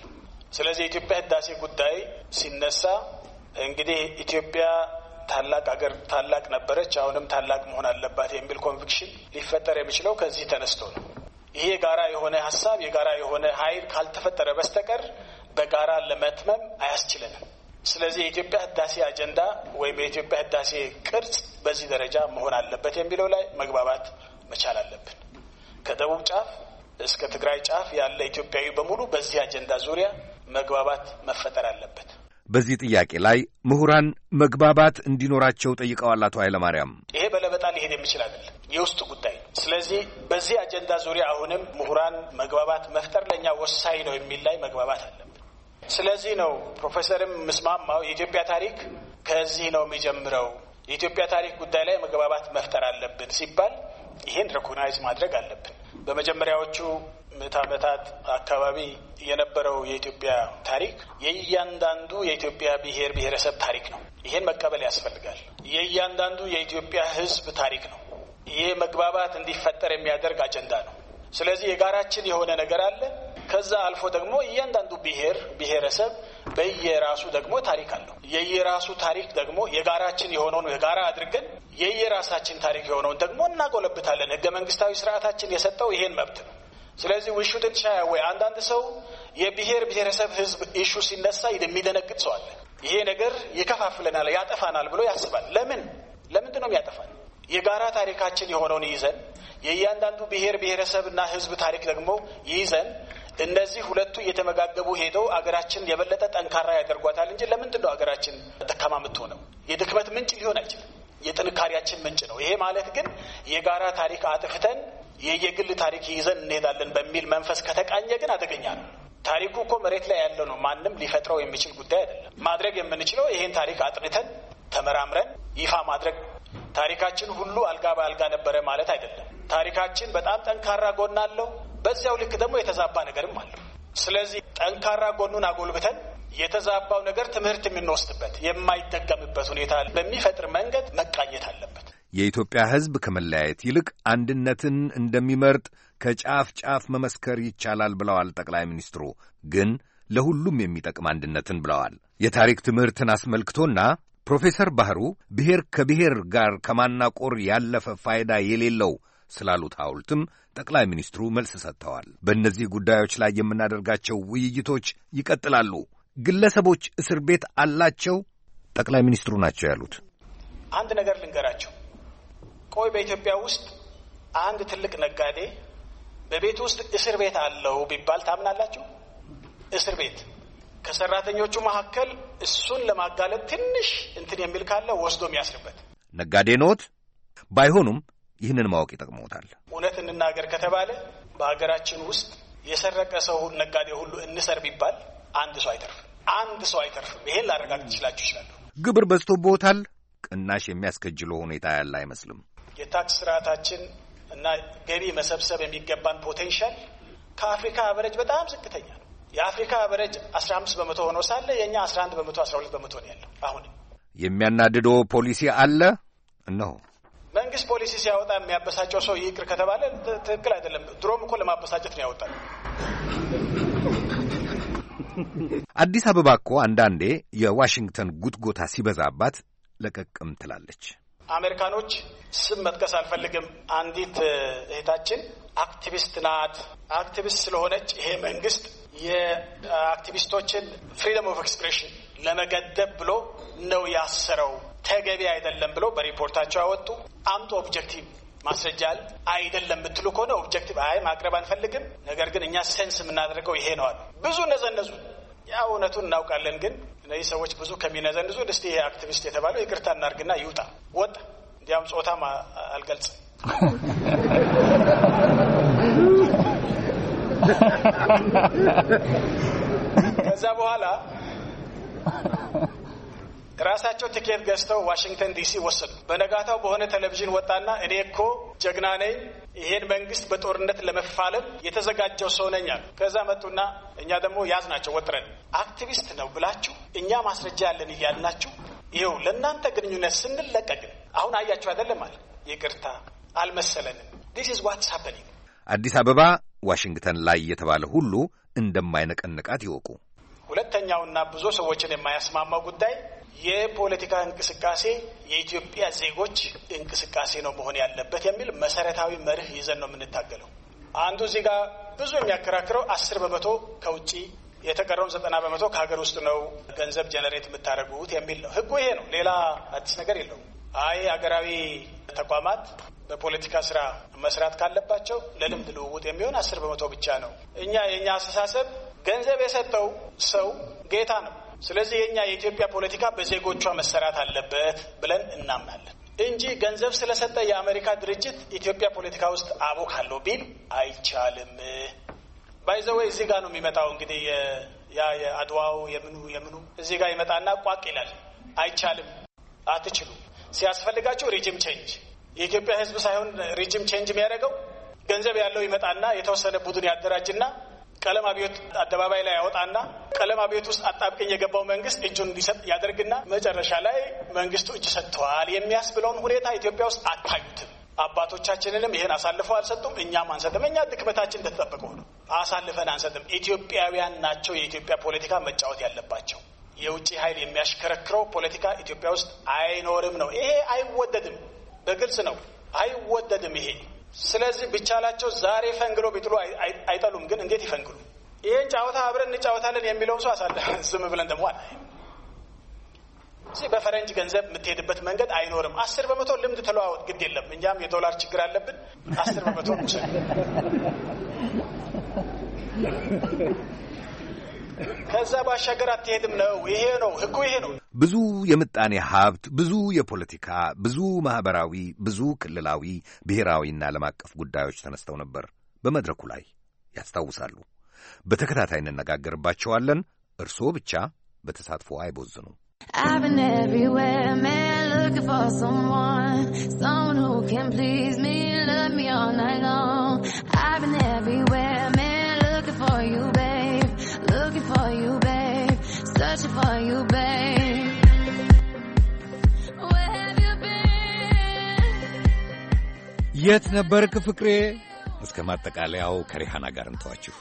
ስለዚህ የኢትዮጵያ ህዳሴ ጉዳይ ሲነሳ እንግዲህ ኢትዮጵያ ታላቅ አገር ታላቅ ነበረች፣ አሁንም ታላቅ መሆን አለባት የሚል ኮንቪክሽን ሊፈጠር የሚችለው ከዚህ ተነስቶ ነው። ይሄ የጋራ የሆነ ሀሳብ የጋራ የሆነ ኃይል ካልተፈጠረ በስተቀር በጋራ ለመትመም አያስችልንም። ስለዚህ የኢትዮጵያ ህዳሴ አጀንዳ ወይም የኢትዮጵያ ህዳሴ ቅርጽ በዚህ ደረጃ መሆን አለበት የሚለው ላይ መግባባት መቻል አለብን። ከደቡብ ጫፍ እስከ ትግራይ ጫፍ ያለ ኢትዮጵያዊ በሙሉ በዚህ አጀንዳ ዙሪያ መግባባት መፈጠር አለበት። በዚህ ጥያቄ ላይ ምሁራን መግባባት እንዲኖራቸው ጠይቀዋል። አቶ ኃይለማርያም ይሄ በለበጣ ሊሄድ የሚችል አይደለም፣ የውስጥ ጉዳይ ስለዚህ በዚህ አጀንዳ ዙሪያ አሁንም ምሁራን መግባባት መፍጠር ለእኛ ወሳኝ ነው የሚል ላይ መግባባት አለ። ስለዚህ ነው ፕሮፌሰርም ምስማማው የኢትዮጵያ ታሪክ ከዚህ ነው የሚጀምረው የኢትዮጵያ ታሪክ ጉዳይ ላይ መግባባት መፍጠር አለብን ሲባል ይህን ሬኮግናይዝ ማድረግ አለብን። በመጀመሪያዎቹ ምዕተ ዓመታት አካባቢ የነበረው የኢትዮጵያ ታሪክ የእያንዳንዱ የኢትዮጵያ ብሔር ብሔረሰብ ታሪክ ነው። ይሄን መቀበል ያስፈልጋል። የእያንዳንዱ የኢትዮጵያ ሕዝብ ታሪክ ነው። ይሄ መግባባት እንዲፈጠር የሚያደርግ አጀንዳ ነው። ስለዚህ የጋራችን የሆነ ነገር አለ። ከዛ አልፎ ደግሞ እያንዳንዱ ብሔር ብሔረሰብ በየራሱ ደግሞ ታሪክ አለው። የየራሱ ታሪክ ደግሞ የጋራችን የሆነውን የጋራ አድርገን የየራሳችን ታሪክ የሆነውን ደግሞ እናጎለብታለን። ህገ መንግስታዊ ስርዓታችን የሰጠው ይሄን መብት ነው። ስለዚህ ውሹትን ሻ ወይ አንዳንድ ሰው የብሔር ብሔረሰብ ህዝብ ኢሹ ሲነሳ የሚደነግጥ ሰው አለ። ይሄ ነገር ይከፋፍለናል፣ ያጠፋናል ብሎ ያስባል። ለምን ለምንድን ነው ያጠፋል? የጋራ ታሪካችን የሆነውን ይዘን የእያንዳንዱ ብሔር ብሔረሰብና ህዝብ ታሪክ ደግሞ ይዘን እነዚህ ሁለቱ እየተመጋገቡ ሄደው አገራችን የበለጠ ጠንካራ ያደርጓታል እንጂ ለምንድን ነው አገራችን ደካማ የምትሆነው? የድክመት ምንጭ ሊሆን አይችልም። የጥንካሬያችን ምንጭ ነው። ይሄ ማለት ግን የጋራ ታሪክ አጥፍተን የየግል ታሪክ ይዘን እንሄዳለን በሚል መንፈስ ከተቃኘ ግን አደገኛ ነው። ታሪኩ እኮ መሬት ላይ ያለ ነው። ማንም ሊፈጥረው የሚችል ጉዳይ አይደለም። ማድረግ የምንችለው ይህን ታሪክ አጥንተን ተመራምረን ይፋ ማድረግ። ታሪካችን ሁሉ አልጋ በአልጋ ነበረ ማለት አይደለም። ታሪካችን በጣም ጠንካራ ጎን አለው። በዚያው ልክ ደግሞ የተዛባ ነገርም አለው። ስለዚህ ጠንካራ ጎኑን አጎልብተን የተዛባው ነገር ትምህርት የምንወስድበት የማይጠቀምበት ሁኔታ በሚፈጥር መንገድ መቃኘት አለበት። የኢትዮጵያ ሕዝብ ከመለያየት ይልቅ አንድነትን እንደሚመርጥ ከጫፍ ጫፍ መመስከር ይቻላል ብለዋል ጠቅላይ ሚኒስትሩ። ግን ለሁሉም የሚጠቅም አንድነትን ብለዋል። የታሪክ ትምህርትን አስመልክቶና ፕሮፌሰር ባህሩ ብሔር ከብሔር ጋር ከማናቆር ያለፈ ፋይዳ የሌለው ስላሉት ሐውልትም ጠቅላይ ሚኒስትሩ መልስ ሰጥተዋል። በእነዚህ ጉዳዮች ላይ የምናደርጋቸው ውይይቶች ይቀጥላሉ። ግለሰቦች እስር ቤት አላቸው፣ ጠቅላይ ሚኒስትሩ ናቸው ያሉት። አንድ ነገር ልንገራቸው ቆይ በኢትዮጵያ ውስጥ አንድ ትልቅ ነጋዴ በቤት ውስጥ እስር ቤት አለው ቢባል ታምናላችሁ? እስር ቤት ከሰራተኞቹ መካከል እሱን ለማጋለጥ ትንሽ እንትን የሚል ካለ ወስዶ የሚያስርበት ነጋዴ ኖት። ባይሆኑም ይህንን ማወቅ ይጠቅመታል። እውነት እንናገር ከተባለ በሀገራችን ውስጥ የሰረቀ ሰው ነጋዴ ሁሉ እንሰር ቢባል አንድ ሰው አይተርፍም። አንድ ሰው አይተርፍም። ይሄን ላረጋግጥ ይችላችሁ ይችላለሁ። ግብር በዝቶብዎታል? ቅናሽ የሚያስከጅለው ሁኔታ ያለ አይመስልም። የታክስ ስርዓታችን እና ገቢ መሰብሰብ የሚገባን ፖቴንሻል ከአፍሪካ አበረጅ በጣም ዝቅተኛ ነው። የአፍሪካ አበረጅ 15 በመቶ ሆኖ ሳለ የእኛ 11 በመቶ 12 በመቶ ነው ያለው። አሁንም የሚያናድደው ፖሊሲ አለ እነሆ መንግስት ፖሊሲ ሲያወጣ የሚያበሳጨው ሰው ይቅር ከተባለ ትክክል አይደለም። ድሮም እኮ ለማበሳጨት ነው ያወጣል። አዲስ አበባ እኮ አንዳንዴ የዋሽንግተን ጉትጎታ ሲበዛባት ለቀቅም ትላለች። አሜሪካኖች ስም መጥቀስ አልፈልግም። አንዲት እህታችን አክቲቪስት ናት። አክቲቪስት ስለሆነች ይሄ መንግስት የአክቲቪስቶችን ፍሪደም ኦፍ ኤክስፕሬሽን ለመገደብ ብሎ ነው ያሰረው፣ ተገቢ አይደለም ብሎ በሪፖርታቸው ያወጡ። አምጡ ኦብጀክቲቭ ማስረጃ አይደለም የምትሉ ከሆነ ኦብጀክቲቭ አይ ማቅረብ አንፈልግም፣ ነገር ግን እኛ ሴንስ የምናደርገው ይሄ ነዋል። ብዙ ነዘነዙ። ያ እውነቱን እናውቃለን። ግን እነዚህ ሰዎች ብዙ ከሚነዘንዙ እስቲ ይሄ አክቲቪስት የተባለው ይቅርታ እናርግና ይውጣ ወጣ። እንዲያውም ጾታም አልገልጽም ከዛ በኋላ ራሳቸው ትኬት ገዝተው ዋሽንግተን ዲሲ ወሰዱ። በነጋታው በሆነ ቴሌቪዥን ወጣና እኔ እኮ ጀግና ነኝ፣ ይሄን መንግስት በጦርነት ለመፋለም የተዘጋጀው ሰው ነኝ አሉ። ከዛ መጡና እኛ ደግሞ ያዝ ናቸው ወጥረን አክቲቪስት ነው ብላችሁ እኛ ማስረጃ ያለን እያልናችሁ ይኸው ለእናንተ ግንኙነት ስንለቀቅን አሁን አያችሁ አይደለም አለ። ይቅርታ አልመሰለንም። ዲስ ኢዝ ዋትስ ሀፐኒንግ። አዲስ አበባ ዋሽንግተን ላይ የተባለ ሁሉ እንደማይነቀንቃት ይወቁ። ሁለተኛውና ብዙ ሰዎችን የማያስማማው ጉዳይ የፖለቲካ እንቅስቃሴ የኢትዮጵያ ዜጎች እንቅስቃሴ ነው መሆን ያለበት የሚል መሰረታዊ መርህ ይዘን ነው የምንታገለው። አንዱ እዚህ ጋር ብዙ የሚያከራክረው አስር በመቶ ከውጭ የተቀረውን ዘጠና በመቶ ከሀገር ውስጥ ነው ገንዘብ ጀነሬት የምታደርጉት የሚል ነው። ህጉ ይሄ ነው። ሌላ አዲስ ነገር የለውም። አይ ሀገራዊ ተቋማት በፖለቲካ ስራ መስራት ካለባቸው ለልምድ ልውውጥ የሚሆን አስር በመቶ ብቻ ነው። እኛ የእኛ አስተሳሰብ ገንዘብ የሰጠው ሰው ጌታ ነው። ስለዚህ የኛ የኢትዮጵያ ፖለቲካ በዜጎቿ መሰራት አለበት ብለን እናምናለን እንጂ ገንዘብ ስለሰጠ የአሜሪካ ድርጅት ኢትዮጵያ ፖለቲካ ውስጥ ካለው ቢል አይቻልም። ባይዘወይ እዚህ ጋር ነው የሚመጣው። እንግዲህ ያ የአድዋው የምኑ የምኑ እዚህ ጋር ይመጣና ቋቅ ይላል። አይቻልም፣ አትችሉም። ሲያስፈልጋችሁ ሪጅም ቼንጅ የኢትዮጵያ ሕዝብ ሳይሆን ሪጅም ቼንጅ የሚያደርገው ገንዘብ ያለው ይመጣና የተወሰነ ቡድን ያደራጅና ቀለም አብዮት አደባባይ ላይ ያወጣና ቀለም አብዮት ውስጥ አጣብቀኝ የገባው መንግስት እጁን እንዲሰጥ ያደርግና መጨረሻ ላይ መንግስቱ እጅ ሰጥተዋል የሚያስብለውን ሁኔታ ኢትዮጵያ ውስጥ አታዩትም። አባቶቻችንንም ይህን አሳልፈው አልሰጡም፣ እኛም አንሰጥም። እኛ ድክመታችን እንደተጠበቀው ነው፣ አሳልፈን አንሰጥም። ኢትዮጵያውያን ናቸው የኢትዮጵያ ፖለቲካ መጫወት ያለባቸው። የውጭ ኃይል የሚያሽከረክረው ፖለቲካ ኢትዮጵያ ውስጥ አይኖርም ነው። ይሄ አይወደድም፣ በግልጽ ነው፣ አይወደድም ይሄ ስለዚህ ቢቻላቸው ዛሬ ፈንግሎ ቢጥሉ አይጠሉም፣ ግን እንዴት ይፈንግሉ? ይህን ጫወታ አብረን እንጫወታለን የሚለው ሰው አሳለ ዝም ብለን ደግሞ እዚህ በፈረንጅ ገንዘብ የምትሄድበት መንገድ አይኖርም። አስር በመቶ ልምድ ተለዋወጥ ግድ የለም። እኛም የዶላር ችግር አለብን። አስር በመቶ ከዛ ባሻገር አትሄድም ነው። ይሄ ነው ህጉ፣ ይሄ ነው። ብዙ የምጣኔ ሀብት፣ ብዙ የፖለቲካ፣ ብዙ ማህበራዊ፣ ብዙ ክልላዊ፣ ብሔራዊና ዓለም አቀፍ ጉዳዮች ተነስተው ነበር በመድረኩ ላይ ያስታውሳሉ። በተከታታይ እንነጋገርባቸዋለን። እርስዎ ብቻ በተሳትፎ አይቦዝኑ። I've been everywhere, man, looking for someone, someone who can please me, love me all night long. I've been everywhere, man, looking for you. searching for you, babe. Where have you been? Yet na barka fikre እስከ ማጠቃለያው ከሪሃና ጋር እንተዋችሁ።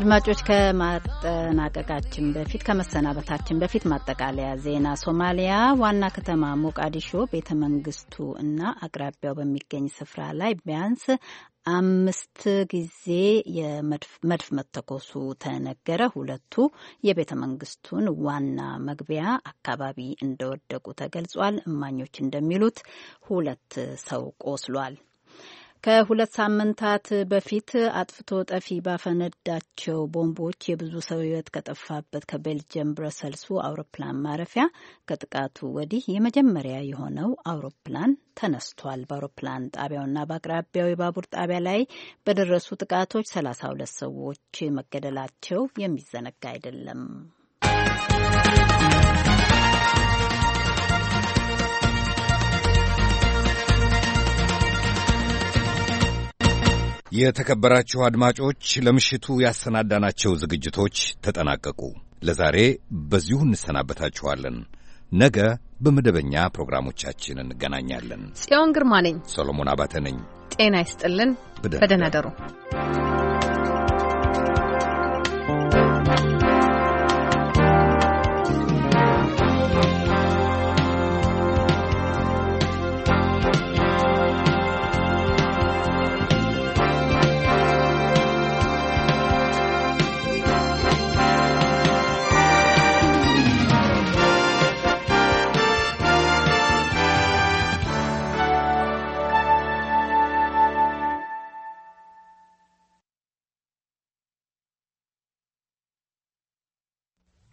አድማጮች ከማጠናቀቃችን በፊት ከመሰናበታችን በፊት ማጠቃለያ ዜና። ሶማሊያ ዋና ከተማ ሞቃዲሾ ቤተ መንግስቱ እና አቅራቢያው በሚገኝ ስፍራ ላይ ቢያንስ አምስት ጊዜ የመድፍ መተኮሱ ተነገረ። ሁለቱ የቤተ መንግስቱን ዋና መግቢያ አካባቢ እንደወደቁ ተገልጿል። እማኞች እንደሚሉት ሁለት ሰው ቆስሏል። ከሁለት ሳምንታት በፊት አጥፍቶ ጠፊ ባፈነዳቸው ቦምቦች የብዙ ሰው ሕይወት ከጠፋበት ከቤልጅየም ብረሰልሱ አውሮፕላን ማረፊያ ከጥቃቱ ወዲህ የመጀመሪያ የሆነው አውሮፕላን ተነስቷል። በአውሮፕላን ጣቢያውና በአቅራቢያው የባቡር ጣቢያ ላይ በደረሱ ጥቃቶች ሰላሳ ሁለት ሰዎች መገደላቸው የሚዘነጋ አይደለም። የተከበራችሁ አድማጮች ለምሽቱ ያሰናዳናቸው ዝግጅቶች ተጠናቀቁ። ለዛሬ በዚሁ እንሰናበታችኋለን። ነገ በመደበኛ ፕሮግራሞቻችን እንገናኛለን። ጽዮን ግርማ ነኝ። ሰሎሞን አባተ ነኝ። ጤና ይስጥልን። በደህና ደሩ።